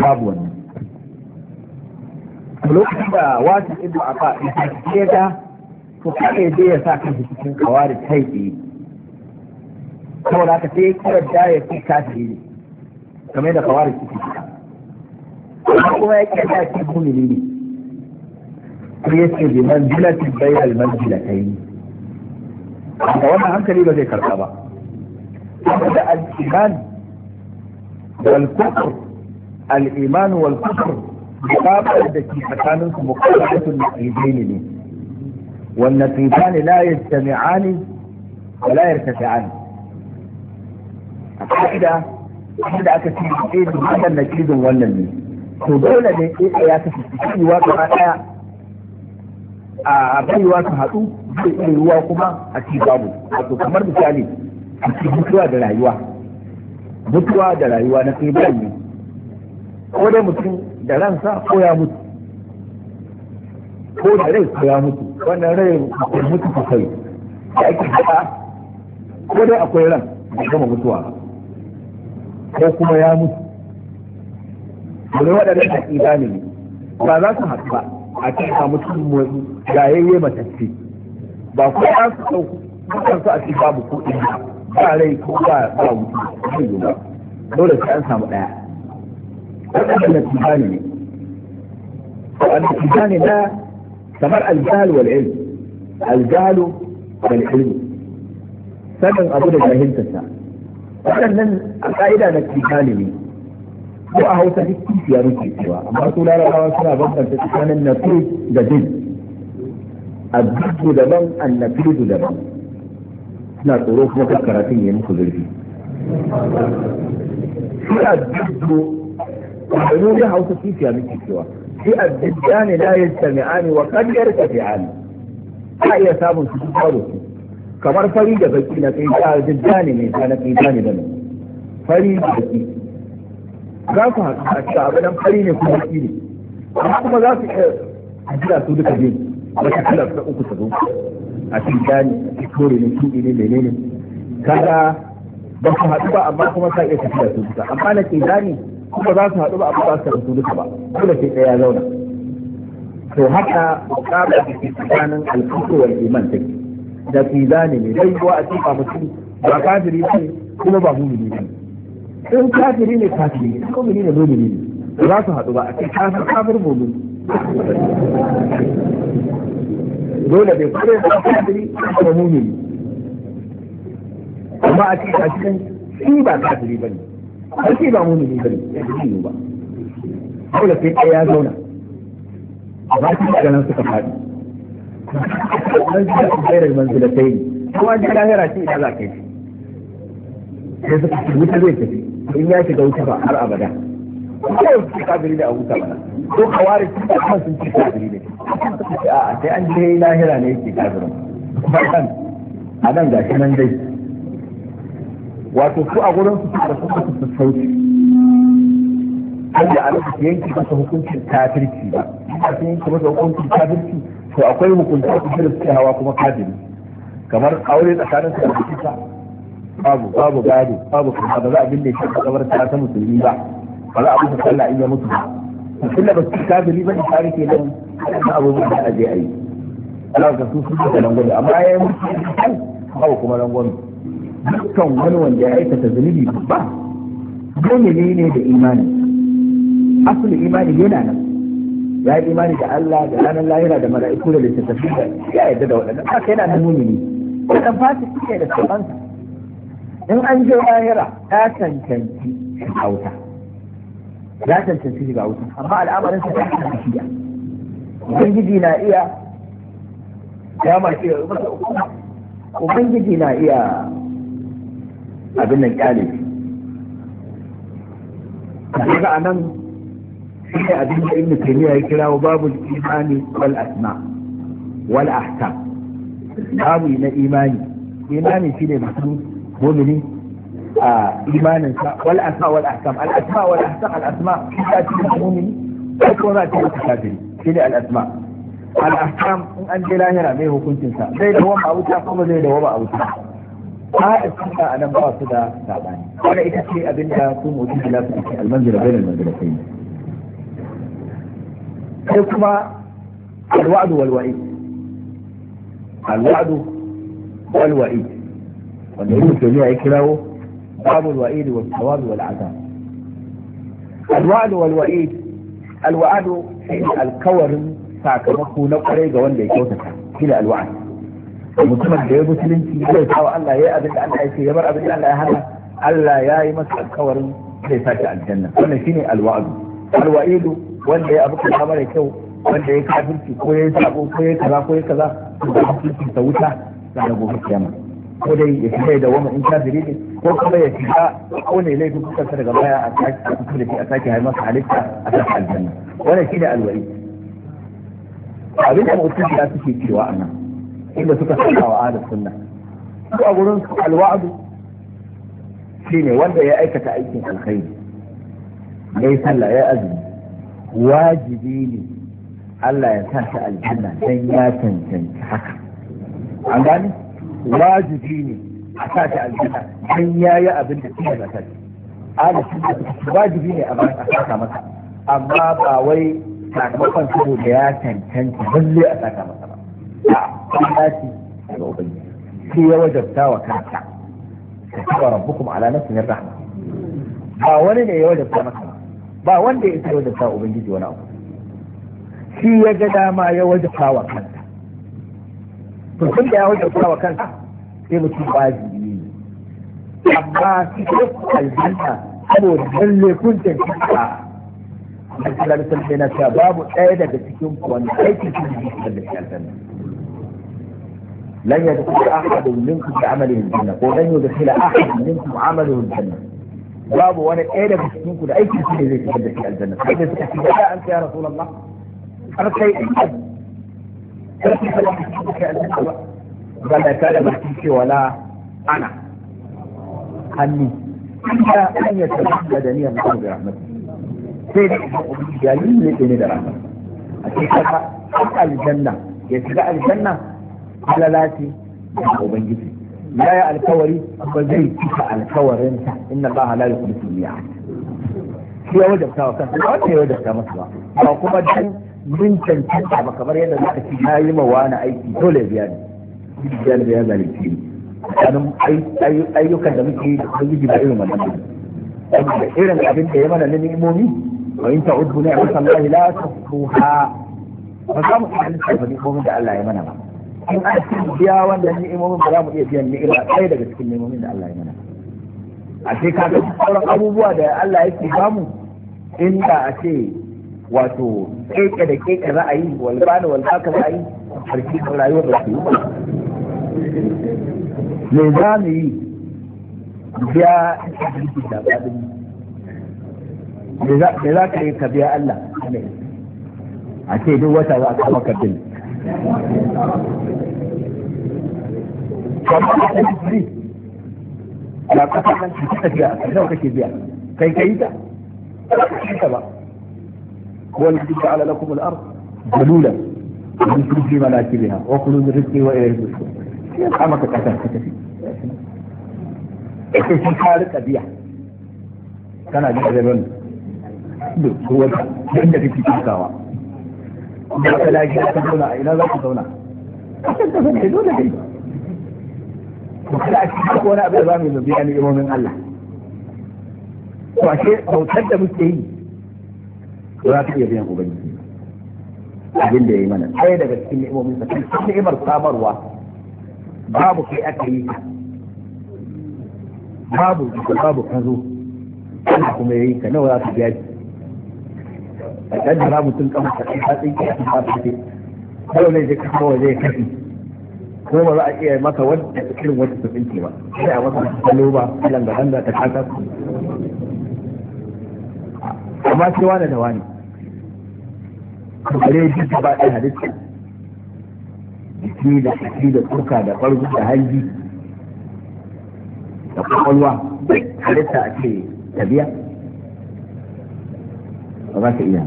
S1: babu wani lokacin da wasu ibu a ba ya da to kai zai ya sa kan cikin kawari kai tsaye saboda haka sai kawai da ya fi ne kamar da kawari suke amma kuma ya da shi mumini ne sai yake bi manzilati bainal manzilatayn da wannan hankali ba zai karɓa ba saboda al-iman wal al-kufr al-iman wal kufr muqabala da ke tsakanin su na naqidain ne wal naqidan la yajtami'an wa la yartafi'an a ka'ida da aka ce eh wannan na kidin wannan ne to dole ne eh ya kace kiwa gaba daya a baiwa su haɗu zai iya ruwa kuma a ci babu wato kamar misali a ci mutuwa da rayuwa mutuwa da rayuwa na sai bayan ne ko dai mutum da ransa ko ya mutu ko da rai ko ya mutu wannan rai akwai mutu sosai da ake haɗa ko dai akwai ran da gama mutuwa ko kuma ya mutu domin waɗannan aƙida ne ba za su haɗu ba a cikin samu mutum gayayye matattu ba ko za su kusan su a cikin babu ko ina ba rai ko ba ba wuce ba dole sai an samu ɗaya waɗannan aƙida ne aƙida ne na kamar aljahal wal ilm aljahalu wal ilm sannan abu da jahiltarsa waɗannan a ƙa'ida na kirkani ne ko a hausa duk kifiya muke cewa amma su larabawa suna bambanta tsakanin nafi da din addu'u daban annafidu daban suna tsoro kuma kan karatun ya muku zurfi shi addu'u wani ne hausa kifiya muke cewa shi addu'u ne la yastami'ani wa qad yartafi'ani ta iya samun su babu su kamar fari da baki na kai ta jidda ne mai ta na kai ta ne ne, fari da baki za ku haɗu a cikin nan fari ne kuma baki ne amma kuma za su iya jira su duka biyu wata kila ta uku ta zo a cikin gani a cikin kore ne shuɗi ne mai menene kaga ba su haɗu ba amma kuma sa iya tafiya su duka amma na ke gani kuma za su haɗu ba amma ba su tafi su duka ba kuma ke ɗaya ya zauna to haka mukamar da ke tsakanin alfuku wal iman take da mizani ne dai kuwa a cikin mutum ba kafiri ne kuma ba mumini ne in kafiri ne kafiri ne mumini ne mumini ne za su haɗu ba a cikin kafir kafir mumini dole bai kure da kafiri da mumini amma a cikin shi ba kafiri ba bane ba shi ba mumini bane ba dole sai ɗaya ya zauna ba shi ganin suka faɗi manzila su bayar manzila ta yi kuma ji lahira ce ina za ka yi sai suka ce wuta zai tafi in ya shiga wuta ba har abada kawai su kafiri da a wuta ba ko kawari su da kuma sun ce kafiri ne a sai an je lahira ne yake kafirin bakan a nan ga shi nan dai wato su a gurin su da su su sauki Allah a lokacin yanki masa hukuncin kafirci ba. Ina sun yanki masa hukuncin kafirci to akwai hukunta su da suke hawa kuma kafiri kamar aure tsakanin da kisa babu babu gado babu kuma ba za a binne shi a kamar ta ta musulmi ba ba za a musu sallah in ya mutu ba mutum da ba su kafiri ba ne tare ke nan na abubuwan da aje a yi Allah ka su su da langwani amma ya yi mutu babu kuma langwani dukkan wani wanda ya aikata zunubi ba dole ne ne da imani asalin imani yana nan ya yi imani da Allah da ranar lahira da mala'iku da littattafi da ya yarda da waɗannan haka yana nan mumini wannan fasi suke da sabansa in an je lahira ta cancanci a wuta ya cancanci shiga wuta amma al'amarin sa ta cancanci shiga ubangiji na iya ya mace ubangiji na iya abin nan kyale shi ga anan shi ne abin da ibnu taymiya ya kira babu imani wal asma wal ahkam babu na imani imani shine mutum mu'mini a imanin sa wal asma wal ahkam al asma wal ahkam al asma shi ta cikin mu'mini ko ko za ta cikin kafiri shine al asma al ahkam in an je lahira mai hukuncin sa zai da wani abuta kuma zai dawo da wani abuta قائد حتى أنا بقى صدى تعبان ولا إتحكي أبنها كوم وجود لا تحكي المنزل بين المنزلتين sai kuma alwa'adu walwa'i. Alwa'adu walwa'i. wal wa'id wanda ibn taymiya ya kirawo babu al da wasu thawab wal azab alwa'du wal wa'id alwa'du shi alkawarin sakamako na kwarai ga wanda ya kyautata shi da alwa'ad mutumin da ya musulunci zai kawo Allah ya yi abin da Allah ya ce ya bar abin da Allah ya hana Allah ya yi masa alkawarin zai sace aljanna wannan shi shine alwa'du alwa'idu wanda ya abu kaza mara kyau wanda ya kafirci ko ya yi sabo ko ya kaza ko ya kaza to da hukuncin sa wuta da na gobe kiyama ko dai ya shiga da wama in kafiri ne ko kuma ya shiga ko ne laifi, kuka sa daga baya a sake a fito da shi a sake har masa halitta a sake aljanna wannan ne alwari abin da mutum ya suke cewa a nan inda suka saka wa ahlus sunna ko a gurin shi ne wanda ya aikata aikin alkhairi yayi sallah ya azumi wajibi ne Allah ya sa ta aljanna dan ya cancanci haka an gani wajibi ne a sa ta aljanna dan ya yi abin da suka zata wajibi ne a saka masa amma ba wai sakamakon saboda ya cancanta lalle a saka masa ba a ya ce daga ubangiji sai ya wajabta wa kansa ka taɓa rabbukum ala nafsin rahma ba wani ne ya wajabta masa ba wanda ya isa wajen sa ubangiji wani abu shi ya ga dama ya wajen kawa kanta to tun da ya wajen kawa kanta sai mutum wajibi ne amma cikin aljanna saboda lalle kun cancanta da kalar salmai na cewa babu ɗaya daga cikin wani aiki shi ne da shi aljanna lan yadkhul ahadun minkum bi amalihi aljanna ko lan yudkhil ahadun minkum amalahu aljanna babu wani ɗaya daga cikin ku da aiki shi ne zai shigar da shi aljanna sai da suka shiga da an har kai ba da ta da cewa la ana hannu an ya da da sai da ne da a cikin ka aljanna ya shiga aljanna halalati da ubangiji ya yi alkawari ba zai cika alkawarinsa inna Allah la yukhlifu al-mi'ad shi ya wajabta wa kansa ba ya wajabta masa ba ba kuma dan mun cancanta ba kamar yadda zaka ci na yi ma wani aiki dole biya ni biya ni biya zalunci ni ayyukan da muke yi da ubangiji ba irin wannan saboda irin abin da ya mana na ni'imomi wa in ta'uddu ni'matallahi la tuhsuha ba za mu iya lissafa ni'imomin da Allah ya mana ba in an ci biya ni ni'imomin ba za mu iya biyan ni'ima ɗaya daga cikin nemomin da Allah ya mana a ce ka sauran abubuwa da Allah yake bamu inda a ce wato keke da keke za a yi walba ka za a yi harki kan rayuwar da su me za mu yi biya da gaɗin me za ka yi ka biya Allah a ce duk wata za a kama ka
S2: kamar a
S1: kan jiri da kasa nan ta biya kai nawa kake biya kai kai ta ba ka ta ba wani duka ala lakum al-ard dalula min kulli manakibiha wa kullu min rizqi wa ilayhi tushur sai ka maka kasa ka tafi kai shi ka rika biya kana da rabon duk wata inda kake da ka lagi ka zauna a ina za ku zauna akan kasan kai dole kai to kada a cikin wani abu da za mu yi biya ni imomin Allah to ashe bautar da muke yi za ta iya biyan ubangiji abin da ya yi mana ɗaya daga cikin ni'imomin sa cikin ni'imar samarwa babu kai aka yi babu babu kazo Allah kuma ya yi ka nawa za su biya da kaddara mutum kan mutane ta tsinke a cikin fasike kawai ne zai kafa waje ya kafi ko ba za a iya masa wanda irin wacce ta tsinke ba sai a masa kalo ba langa langa ta kasa amma sai wani da wani kare duk gaba ɗaya halitta jiki da jiki da tsoka da ɓargo da hanji da kwakwalwa halitta a ce tabiya ba za ka iya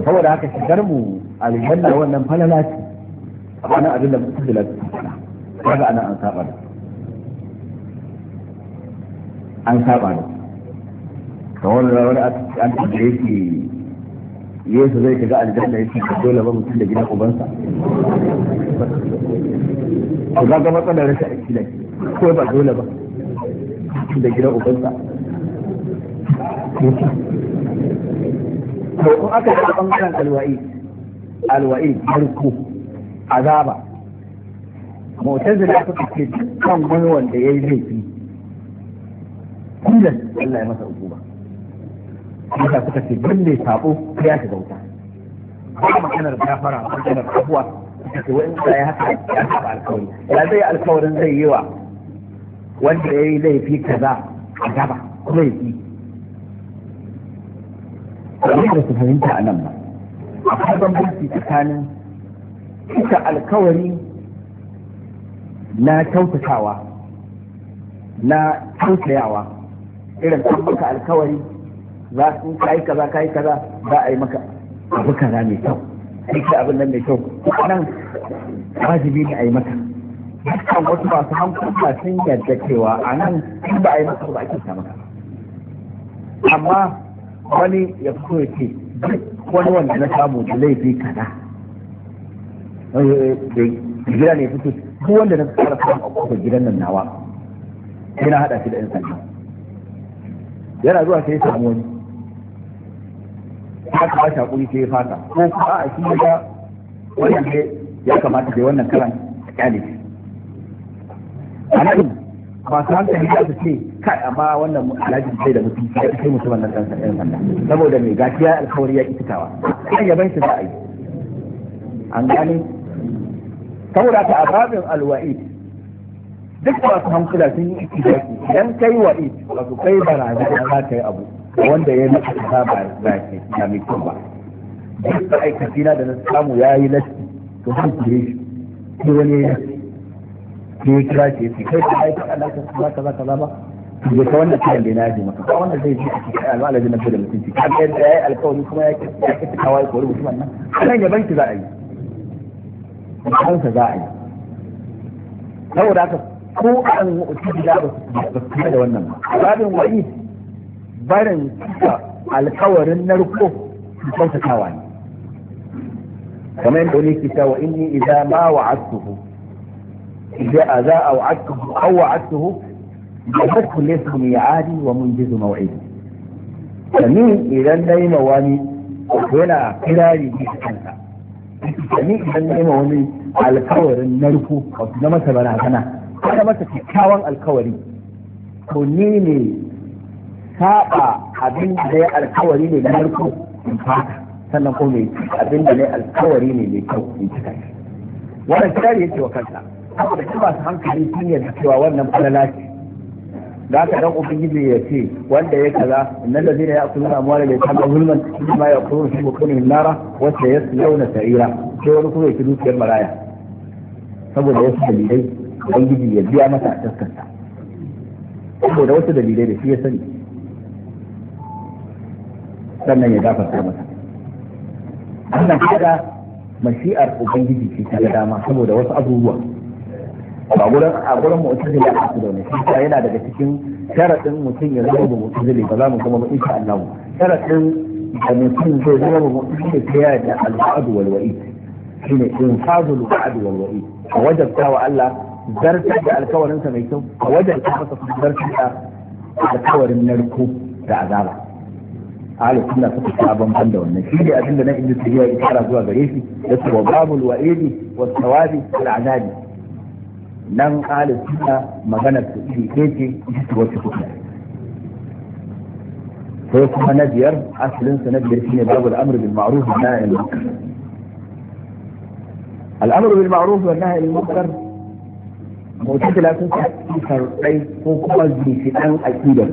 S1: saboda haka shigar mu aljanna wannan falala ce wani abin da mutum da lafiya kaga ana an saba da an saba da ta da wani an da yake yesu zai shiga aljanna yake da dole ba mutum da gina ubansa ko ga tsada rashin a ne ko ba dole ba da gina ubansa to in aka yi bangaren alwa'i alwa'i barko azaba mu'tazila suka ce kan wani wanda ya yi laifi kullum Allah ya masa hukuma yasa suka ce duk mai sabo ya shiga wuta ba maganar fara ba maganar abuwa suka ce wa'in da ya haka ya saba alkawari ya zai alkawarin zai yi wa wanda ya yi laifi kaza azaba gaba kuma ya yi domin da su fahimta a nan ba akwai bambanci tsakanin cika alkawari na kyautatawa na kyautayawa irin kan maka alkawari za su kai kaza kai kaza za a yi maka abu kaza mai kyau sai abin nan mai kyau nan wajibi ne a yi maka dukkan wasu masu hankula sun yarda cewa a nan in ba a yi maka ba ake maka amma wani ya fito ya ce duk wani wanda na samu da laifi kaza eh, eh, gida ne fito duk wanda na fara samu a kofar gidan nan nawa na hada shi da yan sanda yana zuwa sai ya samu wani ya kamata shakuri sai ya fata ko kuma a shi ya wani ya kamata da wannan karan kyale shi a nan su hankali da su ce kai amma wannan alhaji sai da mutum ya kai mutum wannan kansa irin wannan saboda mai gaskiya alkawari ya kitikawa kan yaban shi za a yi an gane saboda ta ababin alwa'id duk masu hankula sun yi ikidaki idan kai wa'id ba su kai da za ka yi abu wanda ya nufi ta ba za ke na mai ba duk da aikaci da na samu ya yi lasti to zan kure shi sai wani ya yi sai kira ce ce kai ka aika Allah ka kaza kaza kaza ba je ka wannan kiran da na ji maka ba wannan zai ji a cikin al'alaji na da mutunci ka ga yadda yayi alƙawari kuma ya ke ta kawai ko rubutu wannan nan ya banki za a yi kansa za a yi saboda haka ko an wuce da ba su da wannan ba babin wa'i barin cika alƙawarin narko kyautatawa ne kamar yadda wani ke cewa inni idza ma wa'adtuhu جاء ذا أو عدته أو وعدته جاءته ليس ميعادي ومنجز موعدي سمين إذا لي مواني ولا قراري في كنسا سمين إذا لي مواني الكور النرفو وتنمى سبنا هنا أنا متى كاوان الكوري كونيني ساقا أبين لي الكوري لنرفو in fata sannan kuma abin da ne alkawari ne mai kyau in cika shi wannan kirari yake wa kansa saboda shi masu hankali sun yadda cewa wannan falala ce da haka dan ubangiji ya ce wanda ya kaza innal ladina da amwala la yatama zulman inma shi fi ne nara wa sayaslawna sa'ira sai wani kuma ya ci dukiyar maraya saboda wasu dalilai ubangiji ya biya masa a taskarta saboda wasu dalilai da shi ya sani sannan ya gafarta masa wannan kada mashi'ar ubangiji ce ta dama saboda wasu abubuwa ba gurin a gurin mu'tazili a su da shi shi yana daga cikin sharaɗin mutum ya zama ba mu'tazili ba za mu zama ba insha Allah sharaɗin da mutum zai zama ba mu'tazili ta yaya da al-ba'd wal wa'id shine infazul ba'd wal wa'id wajabta wa Allah zartar da sa mai kyau a wajen ta masa zartar da alkawarin narko da azaba ahlus sunna suka ta banban da wannan shi ne abinda na ibnu yi ya isara zuwa gare shi da tawabul wa'idi wa tawabi wal azabi nan ahalin suna maganar su iri ɗaya ce su wacce kuka sai kuma na biyar asalin su na biyar shine babu al'amr bil ma'ruf wa nahy anil munkar al'amr bil ma'ruf wa nahy anil munkar da sun ci sarɗai ko kuma zuci dan aqidar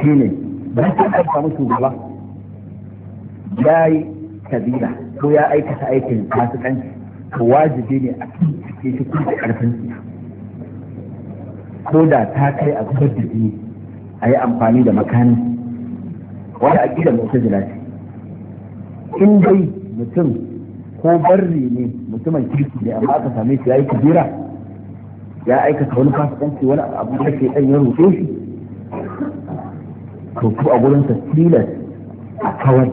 S1: shine ba ta samu shugaba yayi kabila ko ya aikata aikin fasikanci wajibi ne a Koda cikin da ƙarfin ko da ta kai a zubar da jini a yi amfani da makani wani a ƙida mutu jila ce in dai mutum ko barri ne mutumin kirki ne amma aka same shi ya yi kabira ya aikata wani fasikanci wani abu da ke ɗan ya roƙe shi to ko a gurin sa tilas a kawar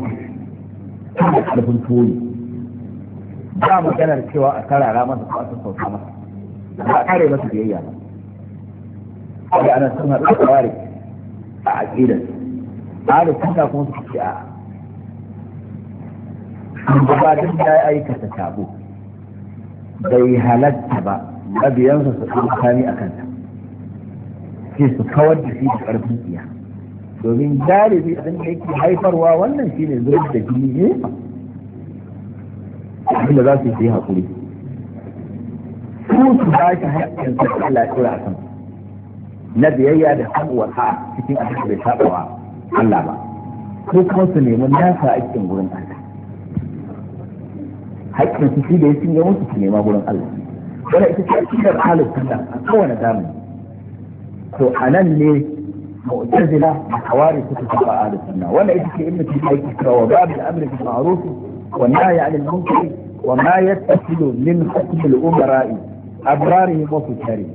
S1: ta da ƙarfin tuwo ba maganar cewa a karara masa ko a sassauta masa ba a kare masa biyayya ba sai ana sun haɗu da ware a aƙidar ahlus sunna kuma su ce a ba duk ya aikata sabo bai halatta ba mabiyansa su ɗan kami a kanta sai su kawar da shi da ƙarfin iya domin galibi abin da yake haifarwa wannan shine zuwa da jini ne abinda za su yi hakuri su su ba shi haƙƙin sa Allah ya a kan na biyayya da sabuwar ha cikin abin da bai saba wa Allah ba ko kuma su nemi nasa haƙƙin gurin Allah haƙƙin su shi da ya cinye musu su nema gurin Allah wannan ita ce cikin ahlus Allah, a kowane zamani to anan ne mu'tazila da hawari suka saba ahlus sunna wannan ita ce ibnu tayyib yake cewa babu al-amri bil ma'ruf والنهي عن المنكر وما يتصل من حكم الأمراء أبرارهم وفجارهم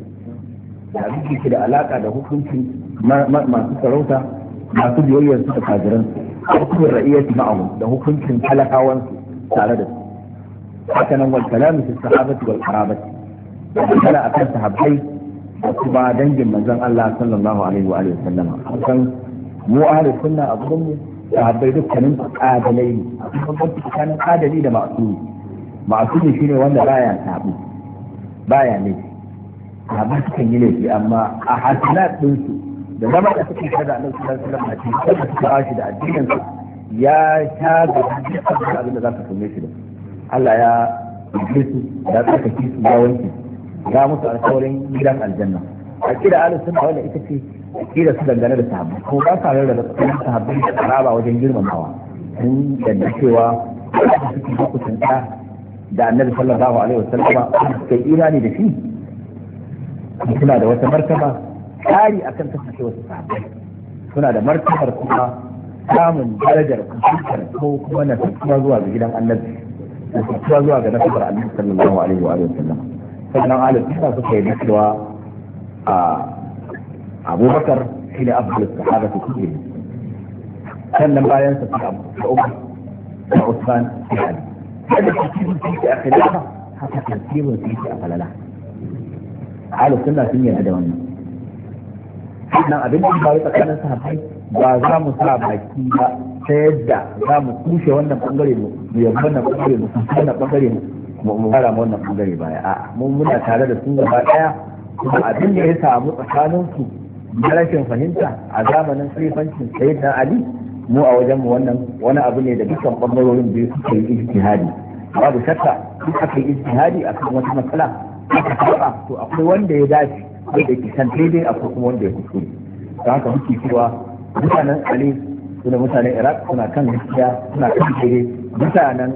S1: da abin da ke da alaka da hukunci masu sarauta masu biyayyar su da kajiran su hukumin ra'iyyati ma'ahu da hukuncin talakawan su tare da su haka nan wal kalamu fi sahabati wal qarabati da kala akan sahabbai da kuma dangin manzon Allah sallallahu alaihi wa alihi wasallama akan mu ahli sunna a gurin mu sahabbai dukkanin su kadalai ne akwai bambanci tsakanin kadali da masu masu ma'asumi shine wanda baya sabu baya ne sabu suka yi laifi amma a hasanat din su da zama da suke kada a lokacin alaihi wasallam a cikin da suka bashi da addinin su ya sha ga dukkan abin da ka tume shi da Allah ya yi su da tsaka su ya wanke ya musu alƙawarin gidan aljanna a kira alisun a wanda ita ce kila su dangane da sahabbai ko ba sa da tsakanin sahabbai da karaba wajen girmamawa sun yadda cewa suke hukunta da annabi sallallahu alaihi wasallam suka yi imani da shi suna da wata martaba tsari akan kasance wasu sahabbai suna da martabar kuma samun darajar kusurkar ko kuma na kuma zuwa ga gidan annabi da kuma zuwa ga nasabar annabi sallallahu alaihi wa sallam sannan alif suka yi da cewa abu bakar shi ne abdul sahaba su kuke sannan bayan sa sai abu da umar da usman da ali kada su ci su ci a khilafa haka kan ci su ci a falala ahlus sunna sun yi da wannan sannan abin da faru tsakanin sahabbai ba za mu sa baki ba ta yadda za mu kushe wannan bangare mu yabi wannan bangare mu kushe wannan bangare mu mu fara wannan bangare baya a'a mun muna tare da su gaba daya kuma abin da ya samu tsakanin su na rashin fahimta a zamanin sai sayyidina ali mu a wajen mu wannan wani abu ne da dukkan bangarorin biyu suke yi ijtihadi babu shakka duk aka yi ijtihadi akan wata matsala aka saba to akwai wanda ya dace wanda ke san daidai akwai kuma wanda ya kuskure don haka muke cewa mutanen ali suna mutanen iraq suna kan gaskiya suna kan daidai mutanen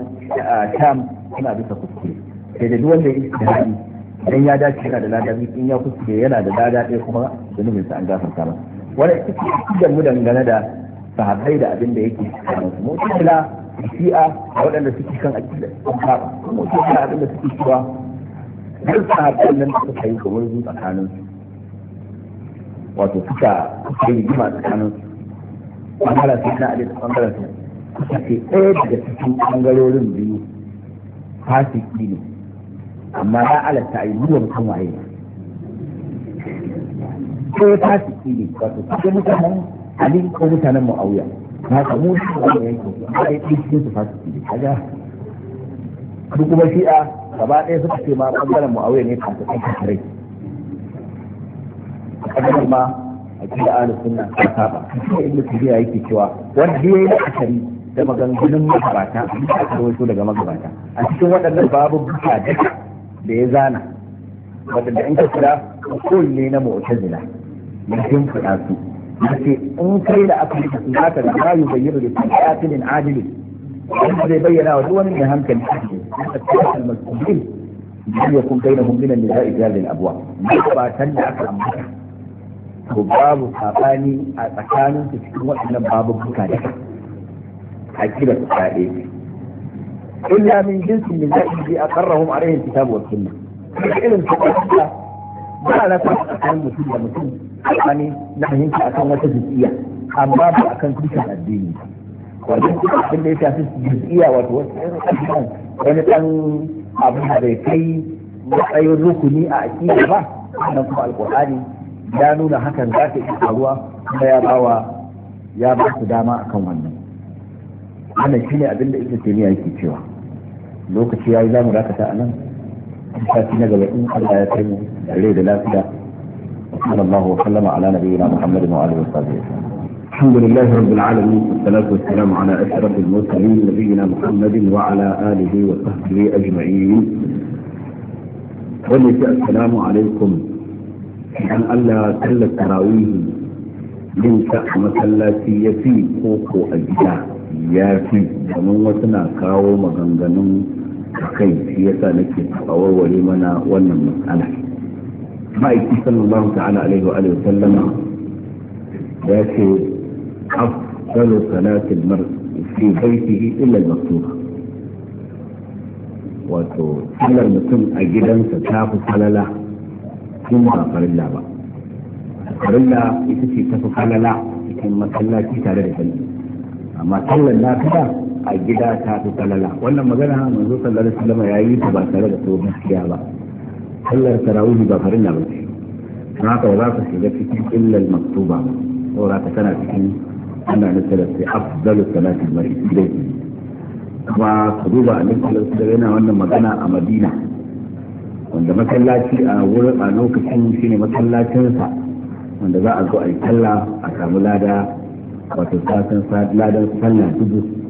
S1: ah, sham suna bisa kuskure sai da duk wanda ya ijtihadi idan ya dace yana da lada biyu in ya kuskure yana da lada ɗaya kuma da zunubin sa an gafarta masa wani ita ce mu dangane da sahabbai da abin da yake cikin su mutila shi'a a waɗanda suke kan da sun saba mutila abin da suke cewa duk sahabbai nan da suka yi kamar zu tsakanin su wato suka suka yi rigima tsakanin su ɓangaren su na ali da ɓangaren su suka ce ɗaya daga cikin ɓangarorin biyu fasiki ne amma ya alatta a yi duwa kan waye ko ya tashi ne wato ko mutanen ali ko mutanen ma'auya na ka shi da wani yanki ba ya ɗin cikin su fasiki ne kaga duk kuma a gaba ɗaya suka ce ma ɓangaren ma'auya ne kan su ɗan A ƙasar ma a cikin ahlus sunna ta saba sai ibnu tabiya yake cewa wanda yi la'akari da maganganun magabata a cikin wato daga magabata a cikin waɗannan babu buka duka da ya zana wadanda in ka kira kulle na mu'tazila ya kin fada su yace in kai da aka yi su zaka da ma yubayyinu da ayatin adili wanda zai bayyana wa duk wani hankali a cikin masjidin bai yakun bainahum min an-nisa'i abuwa ne ba tan da aka ambata to babu sabani a tsakanin su cikin waɗannan babu buka da aqida ta ɗaya illa min jinsin min zaki bi aqarrahum alaihi alkitab wa sunna irin ta ba na fara kan mutum da mutum tsakani na fahimta akan wata jiziya amma ba akan tushen addini wajen kuma abin da ya shafi jiziya wato wasu irin abubuwan wani dan abu da bai kai matsayin rukuni a aƙida ba sannan kuma alƙur'ani ya nuna hakan za ta iya faruwa kuma ya bawa ya ba su dama akan wannan wannan shine abinda da ibnu taymiya yake cewa lokaci ya yi za mu dakata a nan kafin na gaba in Allah ya kai mu da rai da lafiya sallallahu wa sallama ala nabiyina muhammadin wa alihi wa sahbihi الحمد لله رب العالمين والصلاة والسلام على أشرف المرسلين نبينا محمد وعلى آله وصحبه أجمعين. ولك السلام عليكم أن ألا تل التراويح من شأن التي يفي فوق أجزاء يافي ومن وسنا كاو مغنغنم kai shi yasa nake a mana wannan matsala ma'aiki sallallahu ta'ala alaihi wa alihi sallama ya ce afdalu salatil mar fi baitihi illa al-maktuba wato sallar mutum a gidansa ta fi salala tun ba farilla ba farilla ita ce ta fi salala cikin masallaci tare da sallah amma sallar lafiya a gida ta fi falala wannan magana manzo sallallahu alaihi ya yi ta ba tare da tsohon gaskiya ba sallar tarawih ba farin ba ce na za ka shiga cikin illal maktuba saboda ka tana cikin ana nufin da sai afdalu salati mari dai kuma ku duba annabi sallallahu alaihi yana wannan magana a Madina wanda masallaci a wurin a lokacin shine masallacinsa wanda za a zo a yi talla, a samu lada wato sasan ladan sallah dubu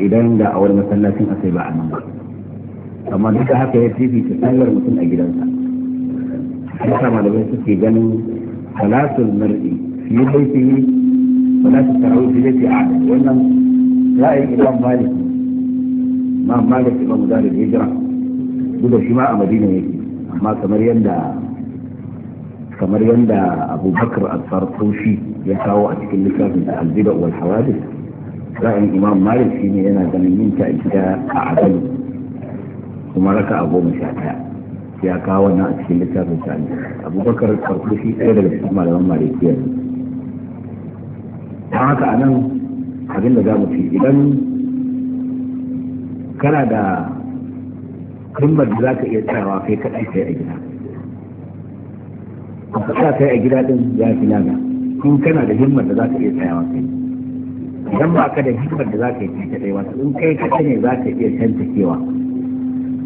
S1: idan da a wani masallacin sai ba a nan ba amma duka haka ya fifita tsallar mutum a gidansa haka malamai suke ganin salatul mar'i fi baitihi salatul tarawih fi baiti ahad wannan ra'ayin imam malik imam malik imam da hijira duk da shi ma a madina yake amma kamar yadda kamar yadda abubakar al-fartushi ya kawo a cikin littafin al-bid'a wal hawadis ra'ayin imam malik shi ne yana ganin yin ta gida a abin kuma raka a goma sha ɗaya ya kawo wannan a cikin littafin sa ne abubakar karfi shi ɗaya daga cikin malaman malikiya ne don haka a nan abin da za mu ci idan kana da kalmar da za ka iya tsayawa kai kaɗai kai a gida ka sa kai a gida ɗin ya fi nada in kana da himmar da za ka iya tsayawa kai idan ba ka da hikimar da za ka yi canta ɗaya wasu in kai ka ne za ka iya canta cewa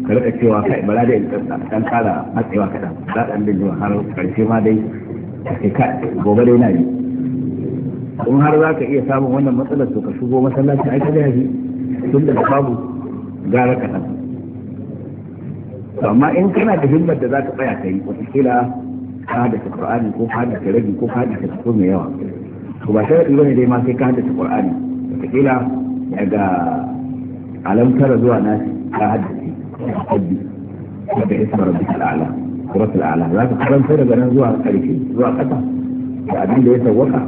S1: ka rika cewa kai bara da ɗan ƙara matsewa kaɗan za ɗan da jiwa har ƙarshe ma dai gobe dai na yi in har za ka iya samun wannan matsalar to ka shigo masallaci ai ka dai tun da babu gara san amma in kana da himmar da za ka tsaya ka yi kila ka da ta ko ka da ta rabi ko ka da ta mai yawa to ba sharadi bane dai ma sai ka haddace qur'ani kila daga tara zuwa nasi ka haddace haddi da isma rabbika al'ala suratul a'la za ka karanta daga nan zuwa karfi zuwa kasa da abin da ya sawwaka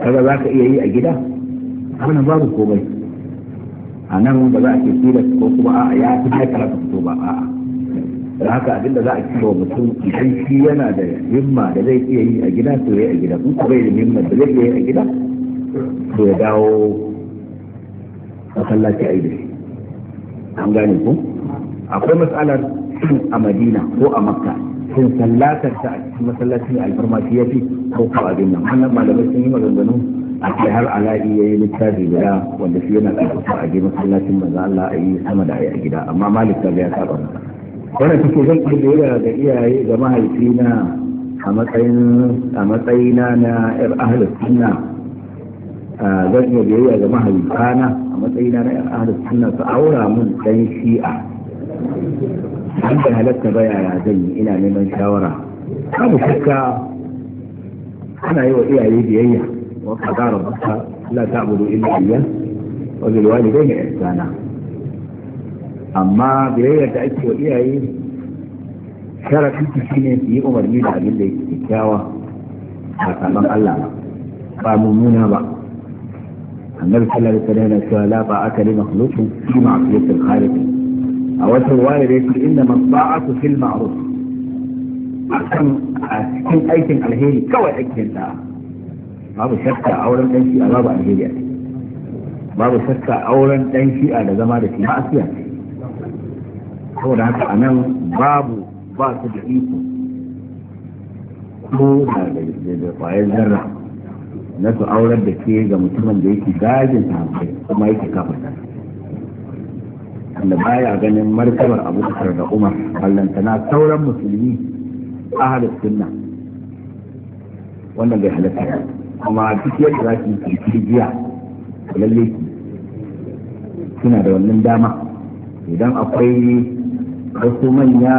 S1: kaga za ka iya yi a gida wannan babu komai a nan ba za a ke tilas ko kuma a ya fi haikala ka fito ba a'a da haka abin da za a kiwa mutum idan shi yana da himma da zai iya yi a gida to ya a gida in ko bai da himma da zai iya yi a gida to ya dawo masallaci a yi an gane ku akwai matsalar shin a madina ko a makka shin sallatar ta a cikin masallacin alfarma shi ya fi ko ko abin nan wannan malamai sun yi maganganu a kai har ala'i ya yi littafi guda wanda shi yana ɗaukar a je masallacin manzo Allah a yi sama da a yi a gida amma malik ta ya saba masa wannan take zan kirgira ga iyaye ga mahaifina a matsayin a matsayina na yar ahlus sunna zan iya biyayya ga mahaifana a matsayina na yar ahlus sunna su aura mun dan shi'a an da halatta ba yaya zan yi ina neman shawara babu shakka ana yi wa iyaye biyayya wa qadara rabbuka la ta'budu illa iyyah wa bil walidayni ihsana amma biyayyar da ake wa iyaye sharafinta shi ne su yi umarni da abin da yake kyakkyawa ba sabon Allah ba ba mummuna ba annabi sallallahu alaihi wasallam yana cewa la ba'aka li makhluqin fi ma'siyatil khaliq a wata riwaya da yake inna ma'ba'atu fil ma'ruf akan a cikin aikin alheri kawai aikin da babu shakka auren dan a babu alheri babu shakka auren dan a da zama da shi ma'asiya saboda haka a nan babu ba su da iko ko da kwayar zarra na su aurar da ke ga mutumin da yake gajin sahabbai kuma yake ta wanda baya ganin martabar abubakar da umar ballantana sauran musulmi a halin sunna wannan bai halatta kuma duk yadda za ki kirgiya lalle suna da wannan dama idan akwai ga ko manya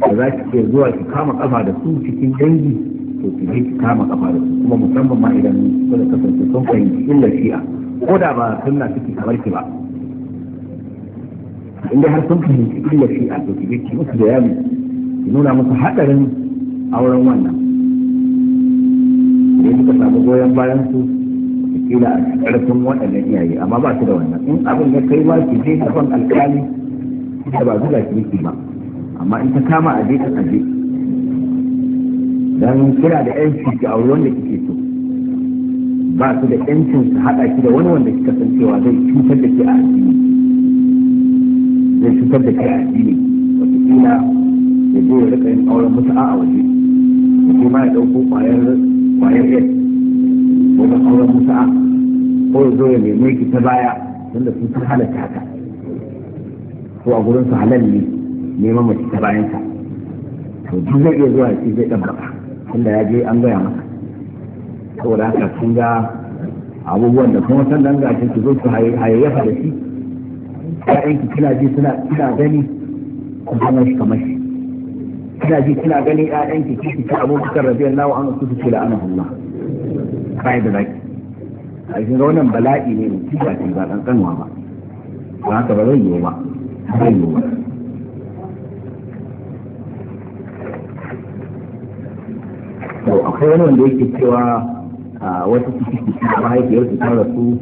S1: da za ki ke zuwa ki kama kafa da su cikin dangi to ki je ki kama kafa da su kuma musamman ma idan da kasance sun fahimci illa shi'a ko da ba sunna suke kamar ki ba inda har sun fahimci illa shi'a to ki je ki musu da yami ki nuna musu haɗarin auren wannan da suka samu goyon bayan su kila a karfin waɗannan iyaye amma ba su da wannan in abin ya kai ba ki je gaban alƙali ita ba zuga shi yake ba amma in ta kama a ka aje dan kira da yanci ki aure wanda kike so ba su da yancin su haɗa ki da wani wanda kika san cewa zai cutar da ke a addini zai cutar da ke a addini wataƙila ya zo ya rika yin auren mutu a waje ko ma ya ɗauko ƙwayar ƙwayar ko da auren a ko ya zo ya nemi ki ta baya tunda sun san halatta haka ko a gurin halal ne neman mace ta bayan sa to duk zai iya zuwa shi zai dan baka tunda ya je an gaya masa saboda haka kun ga abubuwan da kuma san danga shi su zo su hayayyafa da shi ƴaƴan ki kina ji suna kina gani ku zama shi kamar shi kina ji kina gani ƴaƴan ki kishi ta Bakar radiyallahu anhu su ce Allah kai da zaki a shi ga wannan bala'i ne mutum ba ce ba kanwa ba ba ka ba zai yiwu ba haihuwa to akwai wani wanda yake cewa wata ciki ta mahaifiyar su ta rasu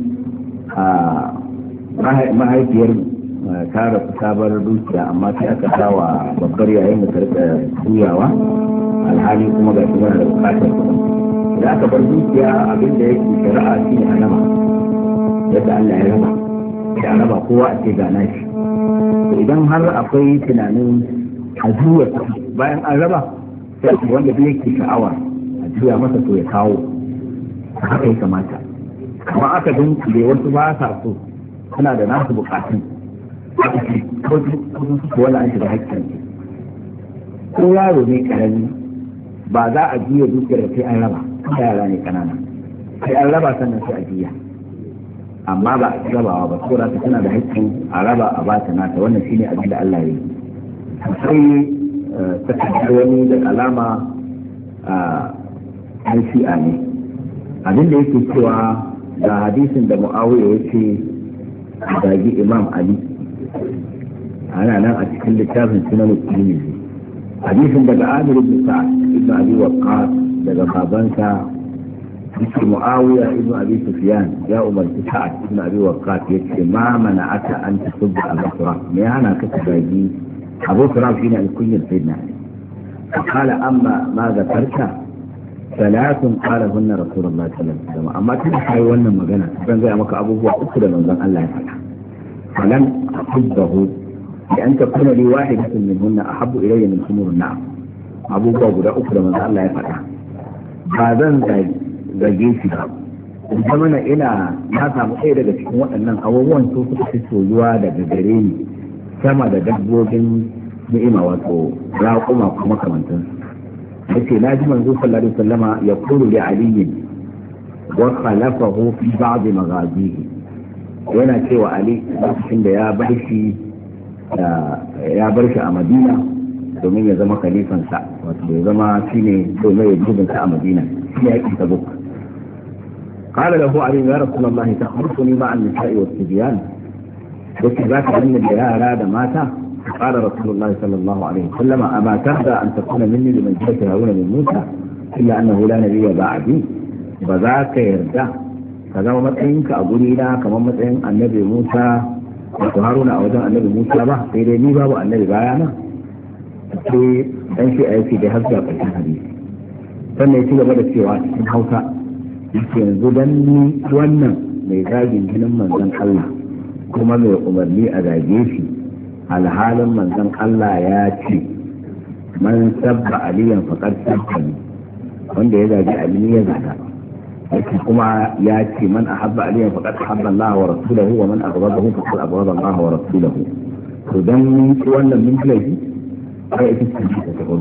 S1: mahaifiyar ta rasu sabar dukiya amma sai aka sa wa babbar yayin da karka juyawa alhali kuma ga shi da bukatar da aka bar dukiya abinda yake shari'a shi ne nama yadda Allah ya raba a raba kowa a ce ga nashi idan har akwai tunanin a juya bayan an raba sai wanda duk yake sha'awa a juya masa to ya kawo haka ya kamata kama aka da wasu ba sa so suna da nasu bukatun aka ce an shiga hakkin ko yaro ne karami ba za a dukkan da sai an raba yara ne kanana sai an raba sannan sai a jiya amma ba a gabawa ba saboda ta tana da haƙƙin a raba a ba ta nata wannan shine abin da Allah ya yi sai eh, ta kasar wani da alama a ne abin da yake cewa ga hadisin da mu'awiya ya ce imam ali ana nan a cikin littafin sunan tirmidhi hadisin daga amir ibn sa'ad ibn abi waqqas daga babansa مثل معاوية ابن أبي سفيان يا أمر سعد ابن أبي وقاص يكفي ما منعك أن تصب أبا تراب ما أنا كتب أبو تراب فينا الكل سيدنا فقال أما ما ذكرت ثلاث قالهن رسول الله صلى الله عليه وسلم أما تنحي وانا مغنى فان زي أمك أبو هو أكثر من ذن الله يفعل فلن أحبه لأن تكون لي واحدة منهن أحب إلي من خمور النعم أبو هو أكثر من ذن الله يفعل هذا زي zage shi ba mana ina na samu ɗaya daga cikin waɗannan abubuwan su suka fi soyuwa daga gare ni sama da dabbobin ni'ima wato raƙuma ko makamantan su ce na ji manzo sallallahu alaihi wasallama ya kulu da aliyin wa khalafahu fi ba'd maghazihi yana cewa ali lokacin da ya bar shi ya bar shi a madina domin ya zama khalifansa wato ya zama shine domin ya jibinsa a madina shi ya yi tabuk قال له علي يا رسول الله تخلفني مع النساء والصبيان وكذاك ان الجهاء اراد مات قال رسول الله صلى الله عليه وسلم اما ترضى ان تكون مني لمن جاءك هارون من موسى الا انه لا نبي بعدي فذاك يرجع كذا ومتعينك اقول لك كما متعين النبي موسى wato haruna a wajen annabi musa ba sai dai ni babu annabi baya na sai dan shi a yake da har zuwa ƙarshen hadisi sannan ya ci gaba da cewa cikin hausa yake yanzu dan ni wannan mai zagin jinin manzon Allah kuma mai umarni a zage shi alhalin manzon Allah ya ce man sabba aliyan faqad sabba wanda ya zage ali ya zaga yake kuma ya ce man ahabba aliyan faqad ahabba Allah wa rasulahu wa man aghadahu faqad aghadha Allah wa rasulahu to dan ni wannan min laifi ai ita ce ta farko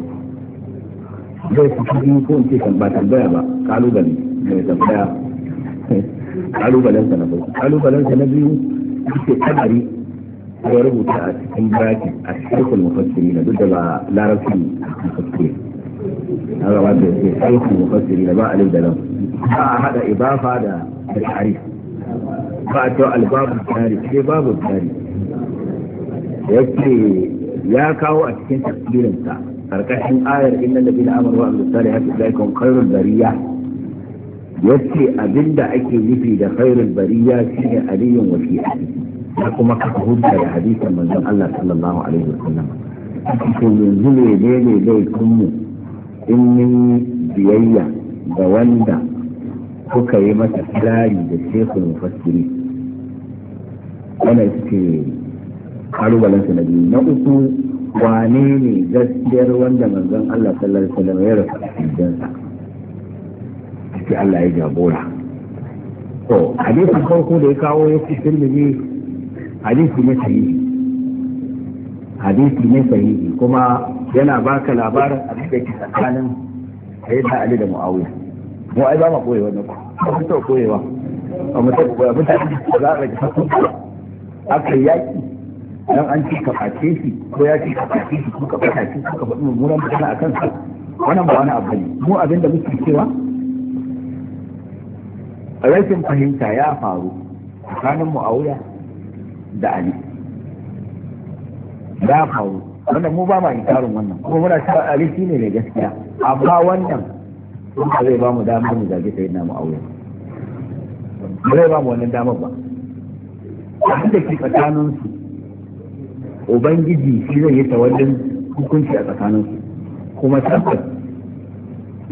S1: zai fi cikin ko in ce kan ba tambaya ba kalubale mai tambaya kalubalensa na farko kalubalensa na biyu yake kadari ya rubuta a cikin baki a cikin mufassiri na duk da ba larabci mufassiri na gaba da ke cikin mufassiri na ba alif da lam ba a hada ibafa da tarif ba a cewa albabu tarif sai babu tarif yake ya kawo a cikin tafsirinsa karkashin ayar inna da bin amurwa a misali haka ilaikon kairun dariya yace abinda ake nufi da khairul bariya shine aliyun wasiyati da kuma kafa hujja da hadisin manzon Allah sallallahu alaihi wasallam ko yanzu ne ne ne laifin mu in mun biyayya ga wanda kuka yi masa kirari da shekul mufassiri wannan ce kalubalen na biyu na uku wane ne gaskiyar wanda manzon Allah sallallahu alaihi wasallam ya rasa a cikin sa sai Allah ya jagora to hadisin farko da ya kawo ya fi tirmidhi hadisi ne sahihi hadisi ne sahihi kuma yana baka labarin abin da ke tsakanin sayyidina Ali da Muawiya mu ai ba ma koyi wannan ko ba ta koyewa ba mu ta koyewa ta za a rage aka yaki dan an ci ka face shi ko ya ci ka face shi ko ka face shi ko ka faɗi mummunan magana akan sa wannan ba wani abu ne mu abin da muke cewa rashin fahimta ya faru tsakanin mu'awiya da ali ya faru wannan mu ba ma inkarin wannan kuma muna cewa ali shine mai gaskiya amma wannan ba zai ba mu damar mu zage sai na mu'awiya ba zai ba mu wannan damar ba abin da ke tsakanin su ubangiji shi zai yi tawallin hukunci a tsakanin su kuma tabbas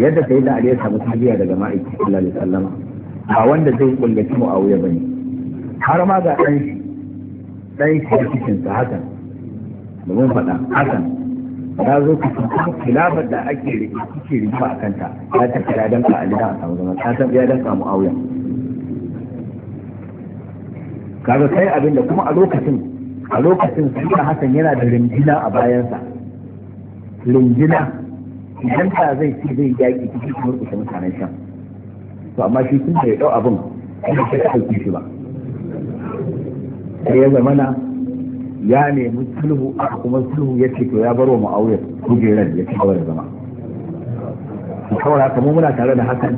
S1: yadda sai da ali ya samu tabiya daga ma'aikatan sallallahu alaihi wasallam ba wanda zai kullaci mu'awiya bane har ma ga ɗan shi ɗan shi da sa hakan domin faɗa hakan ya zo ku cikin khilafar da ake kike rikici a kanta ya ta kira dan ka alida a samu zaman Ya san ya dan samu auya kaga kai abin da kuma a lokacin a lokacin sai hasan yana da rinjina a bayansa rinjina idan ta zai ci zai yaki cikin murƙushe mutanen shan to amma shi tun da ya dau abin kuma ce ka ɗauki shi ba sai ya zamana ya nemi sulhu a kuma sulhu ya ce to ya bar wa ma'auyar kujerar ya ci gaba da zama su kawara kamar muna tare da hakan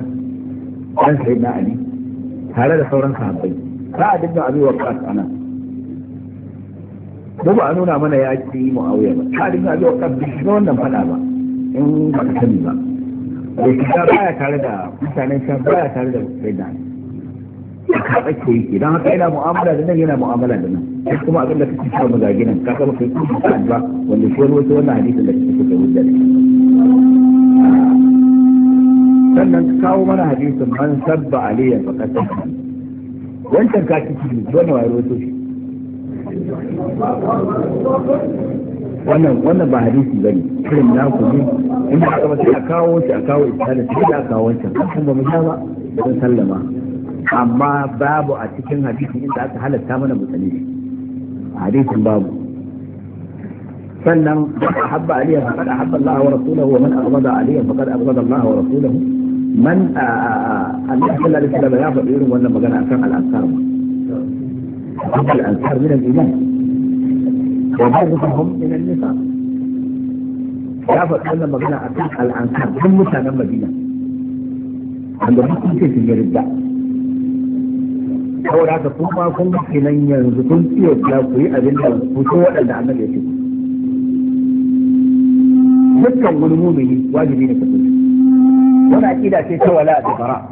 S1: Ɗan sai na ali tare da sauran sahabbai a dukkan abin wa kas anan ko ba a nuna mana ya ci mu'awiya ba ta dinga zuwa kabbi na wannan fada ba in ba ka sani ba bai fita baya tare da mutanen shan baya tare da sai da ka tsake yake don haka yana mu'amala da nan yana mu'amala da nan sai kuma abin da kake cewa mu zagi nan ka ga kai kuma ka ba wanda shi wani wannan hadisin da kake da wanda sannan kawo mana hadisin man sabba aliyan fa kasaba wancan ka ciki wannan wayo wato shi wannan wannan ba hadisi bane irin na ku ne in ba ka sai kawo shi a kawo isharar shi da kawo shi kan ba mu sha ba don sallama amma babu a cikin hadisi inda aka halatta mana mutane hadisin babu sannan a habba fa kada habba Allah wa rasulahu wa man aghada aliya fa kada aghada Allah wa rasulahu man Allah sallallahu alaihi wasallam ya faɗi irin wannan magana akan al-ansar al-ansar min al-iman wa ba'dhum min an-nisa ya faɗi wannan magana a kan al'ankar kan mutanen madina wanda mutum ce su yarda saboda haka kun ma kun ke yanzu kun ciyo ya ku da waɗanda ya dukkan wani mumini wajibi ne ka so wani aƙida ce ta wala a tsara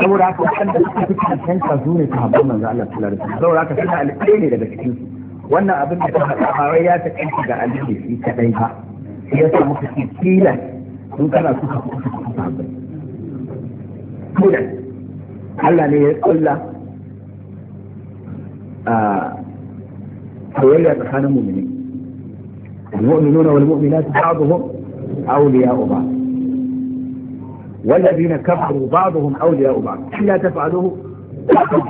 S1: saboda haka suka fi su ne manzo Allah saboda haka suna ne daga cikinsu. wannan abin da ta faɗa ba ya ta kanki ga aliyu shi kadai ba shi ya samu ka ce tilas in kana so ka kuka kuka ba tilas Allah ne ya kulla a soyayya tsakanin mu'mini المؤمنون والمؤمنات بعضهم أولياء بعض والذين كفروا بعضهم أولياء بعض إلا تفعلوه تكون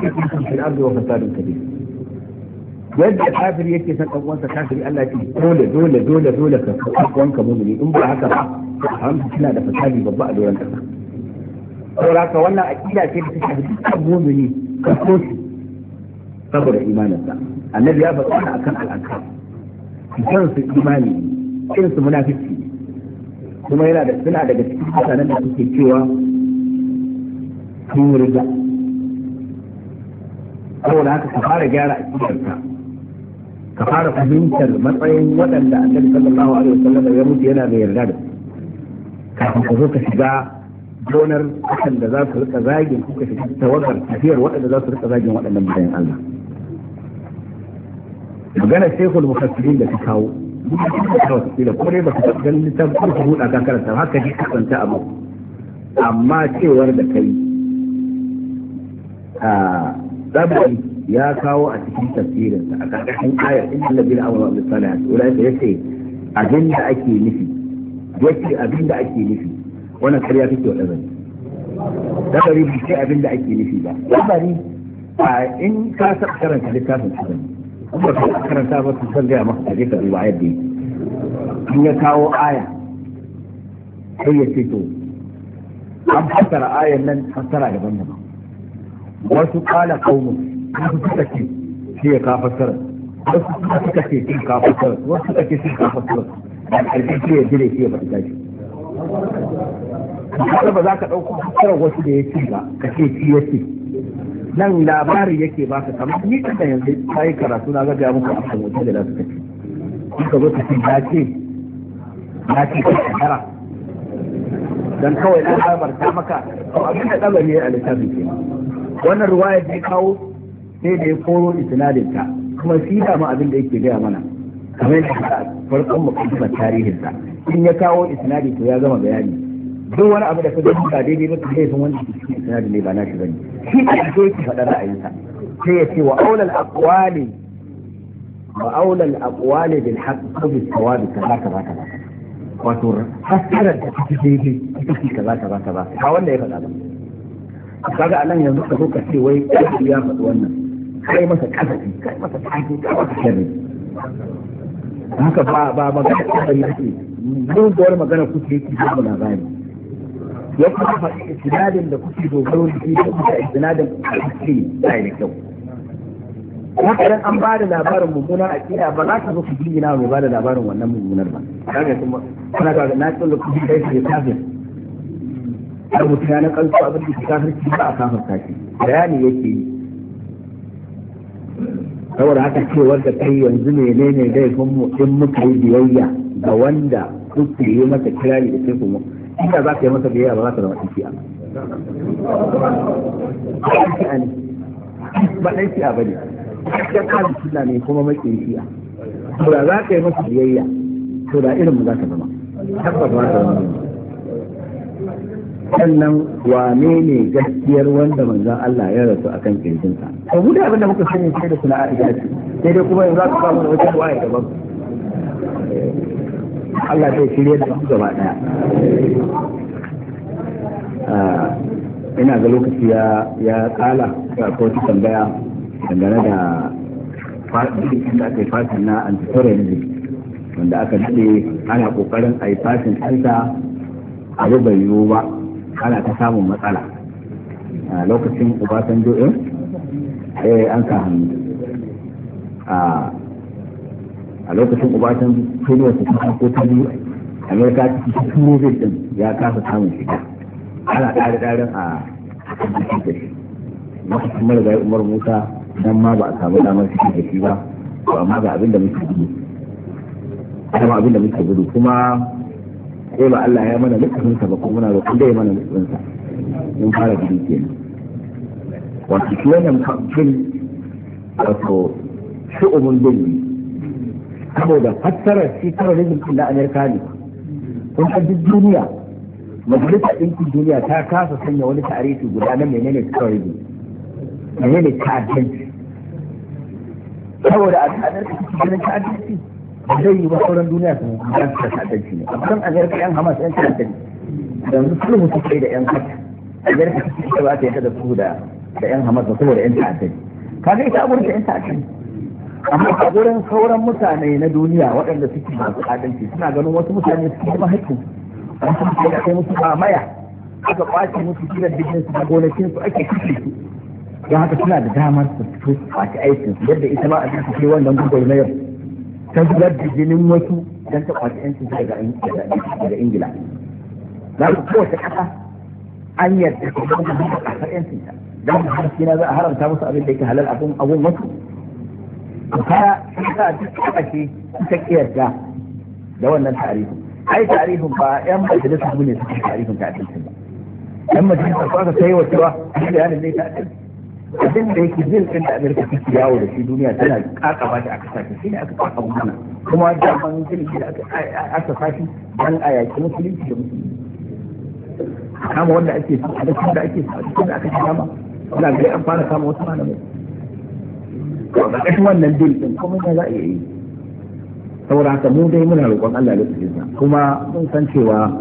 S1: في الأرض وفساد كبير yadda kafir yake san dan uwansa kafiri Allah ke. dole dole dole dole ka san dan uwanka mumini in ba haka ba haramta tana da fasadi babba a doron kasa saboda ka wannan aqida ce da ta shafi dukkan mumini ka so shi saboda imaninsa annabi ya faɗa akan al'akar kan su imani kin su munafiki kuma yana da suna daga cikin mutanen da suke cewa sun riga saboda haka ka fara gyara a cikin ka fara fahimtar matsayin waɗanda annabi sallallahu alaihi wasallam ya mutu yana da yarda da kafin ka zo ka shiga gonar da za su rika zagin ka shiga tawagar tafiyar waɗanda za su rika zagin waɗannan bayan Allah magana shekul mufassirin da ta kawo ko dai ba ka ganin littafin ko ka buɗa kan karanta haka ji kasanta abu amma cewar da kai a ah, zabi ya kawo a cikin tafsirin a ƙarƙashin ayar in Allah bin Amr bin Salah abin da ake nufi yace abin da ake nufi wannan ƙarya take wa dabari dabari ce abin da ake nufi ba dabari a in ka saba karanta littafin su kuma ka karanta ba su san gaya maka kaje ka duba ayar da in ya kawo aya sai ya ce to an fassara ayar nan fassara daban-daban wasu kala kaumun wasu suka ce shi ya ba za ka ɗauko wasu da ya ba ka ce shi nan labari yake baka kamar ni kada yanzu ta karatu na gaga muku a kan wata da za suka zo su ce ya ce ya ce ka shahara dan kawai na ta maka to abin da ɗaga ne a littafin ke wannan ruwaya da ya kawo sai da ya koro isnadin kuma shi da ma abin da yake gaya mana kamar yadda farkon mukaddimar tarihin sa in ya kawo isnadi to ya gama bayani duk wani abu da ka gani ba daidai ba kai sun wani isnadi ne ba na shi bane shi da yake yake faɗa ra'ayinsa sai ya ce wa aulal aqwali wa aulal aqwali bil haqq bis sawabi kaza kaza kaza wato fassarar da take daidai ita ce kaza kaza kaza ba wanda ya faɗa ba kaga anan yanzu ka zo ka ce wai ya faɗi wannan kai masa kasafi kai masa taki kai masa sharri haka ba ba magana kadari yake muguwar magana kuke yi ba mu labari ya kuma faɗi istinadin da kuke dogaro da shi da kuka istinadin kuke da da kyau haka dan an bada labarin a akida ba za ka zo ku jingina ba bada labarin wannan mummunar ba kaga kuma kana ga na tsalla ku jingai ke kafir har mutum ya na kansu abin da kafir ba a kafir kaki bayani yake yi saboda haka cewar da kai yanzu ne ne ne kun mu in muka yi biyayya ga wanda kuke yi masa kirari da sai kuma inda za ka yi masa biyayya ba za ka zama ɗan shi'a ba ɗan shi'a ba ne ɗan ƙarin suna ne kuma mai ɗan shi'a to da za ka yi masa biyayya to da irin mu za ka zama tabbas za ka zama sannan wane ne gaskiyar wanda manzon Allah ya rasu akan kirjinsa to mu da abinda muka sani sai da suna aisha sai dai kuma yanzu za ku samu wajen waye daban Allah zai shirye da su gaba daya ah, ina ga lokaci ya kala ga kotu tambaya dangane da fasirin da aka yi fasin na antitorenzi wanda aka daɗe ana ƙoƙarin a yi fasin ɗansa abu bai yiwu ba ana ta samun matsala a lokacin obasanjo eh eh an ka hannu a lokacin obasanjo turiyar su ta ko ta biyu amerika ta fi turo zai din ya kasa samun shiga ana ɗari ɗarin a cikin da shi masu kuma da umar musa don ma ba a samu damar cikin da shi ba to amma ga muke abin da muke gudu kuma sai ba Allah ya mana lukacin sa ba ko muna roƙon da ya mana lukacin sa mun fara gudu kenan wato shi wannan fil wato umun billi saboda fassarar shi terrorism din da Amerika ne kun san duk duniya majalisa ɗinkin duniya ta kasa sanya wani tarihi guda na menene ne menene ta ta'addanci saboda a ta'addanci cikin ta'addanci ba zai yi ba sauran duniya su yan ta'addanci ne kusan a garka yan hamas yan ta'addanci yanzu sulhu su kai da yan kata a garka su kai ba ta yadda da su da yan hamas ba saboda yan ta'addanci kaga ita abubuwan yan ta'addanci amma a wurin sauran mutane na duniya waɗanda suke masu adalci suna ganin wasu mutane su kuma haƙƙin wasu mutane kai musu mamaya aka kwace musu gidan dukkan su da gonakin su ake kashe su don haka suna da damar su fito su kwace aikin yadda ita ma a cikin wannan gugul na yau ta zubar da jinin wasu don ta kwaci yanci daga ingila za ku kowace ƙasa an yarda ta zama da ƙasar yanci ta don harshe na za a haramta musu abin da yake halal abun abun wasu shi za a duk ƙasashe suka ƙiyarta da wannan tarihin ai tarihin ba yan majalisa ne suke tarihin ta abincin ba yan majalisa su aka sai wa cewa shi bayanin ne ta abincin abin da yake zai kan da amurka take yawo da shi duniya tana ba shi a kasashe shi ne aka kaka mana kuma daman jin shi da aka fashi dan a yaki musulunci da musulunci kama wanda ake so a cikin da ake so a cikin da aka kama ina ga an fara kama wasu malamai to da kashin wannan bil din kuma ya za a yi saboda haka mu dai muna roƙon Allah lokacin sa kuma mun san cewa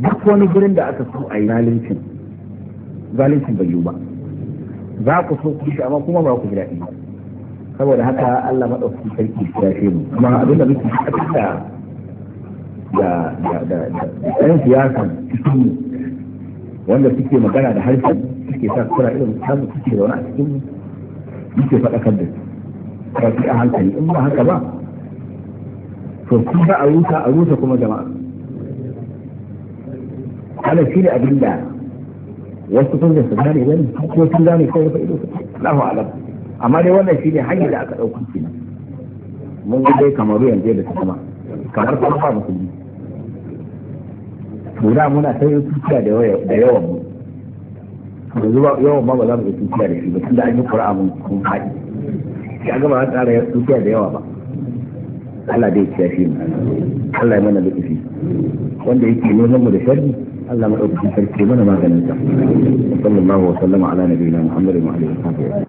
S1: duk wani gurin da aka so a yi zalincin zalincin bai yiwu ba za ku so ku amma kuma ba ku ji daɗi saboda haka Allah madaukakin sarki ya ce mu kuma abin da muke cikin da da da ɗan siyasa cikin wanda suke magana da harshen suke sa suna irin samun suke zaune a cikin mu muke faɗakar da su ba a hankali in ba haka ba to kun za a rusa a rusa kuma jama'a ana shi ne abin da wasu sun jinsu gane gani ko sun gane kai rufe ido Allahu alam amma dai wannan shine hanyar da aka dauka kina mun ga dai kamaru yanzu da ta zama kamar kuma ba musulmi guda muna ta yi tukiya da yawan mu yanzu yawan ma ba za mu yi tukiya da shi ba tunda an yi qur'a mun kun haɗi ya ga ba za tsara tukiya da yawa ba Allah dai ya shi mu Allah ya mana da wanda yake neman mu da sharri Allah madaukakin sarki mana maganin sa sallallahu alaihi wa sallama ala nabiyina Muhammadin wa alihi wa sahbihi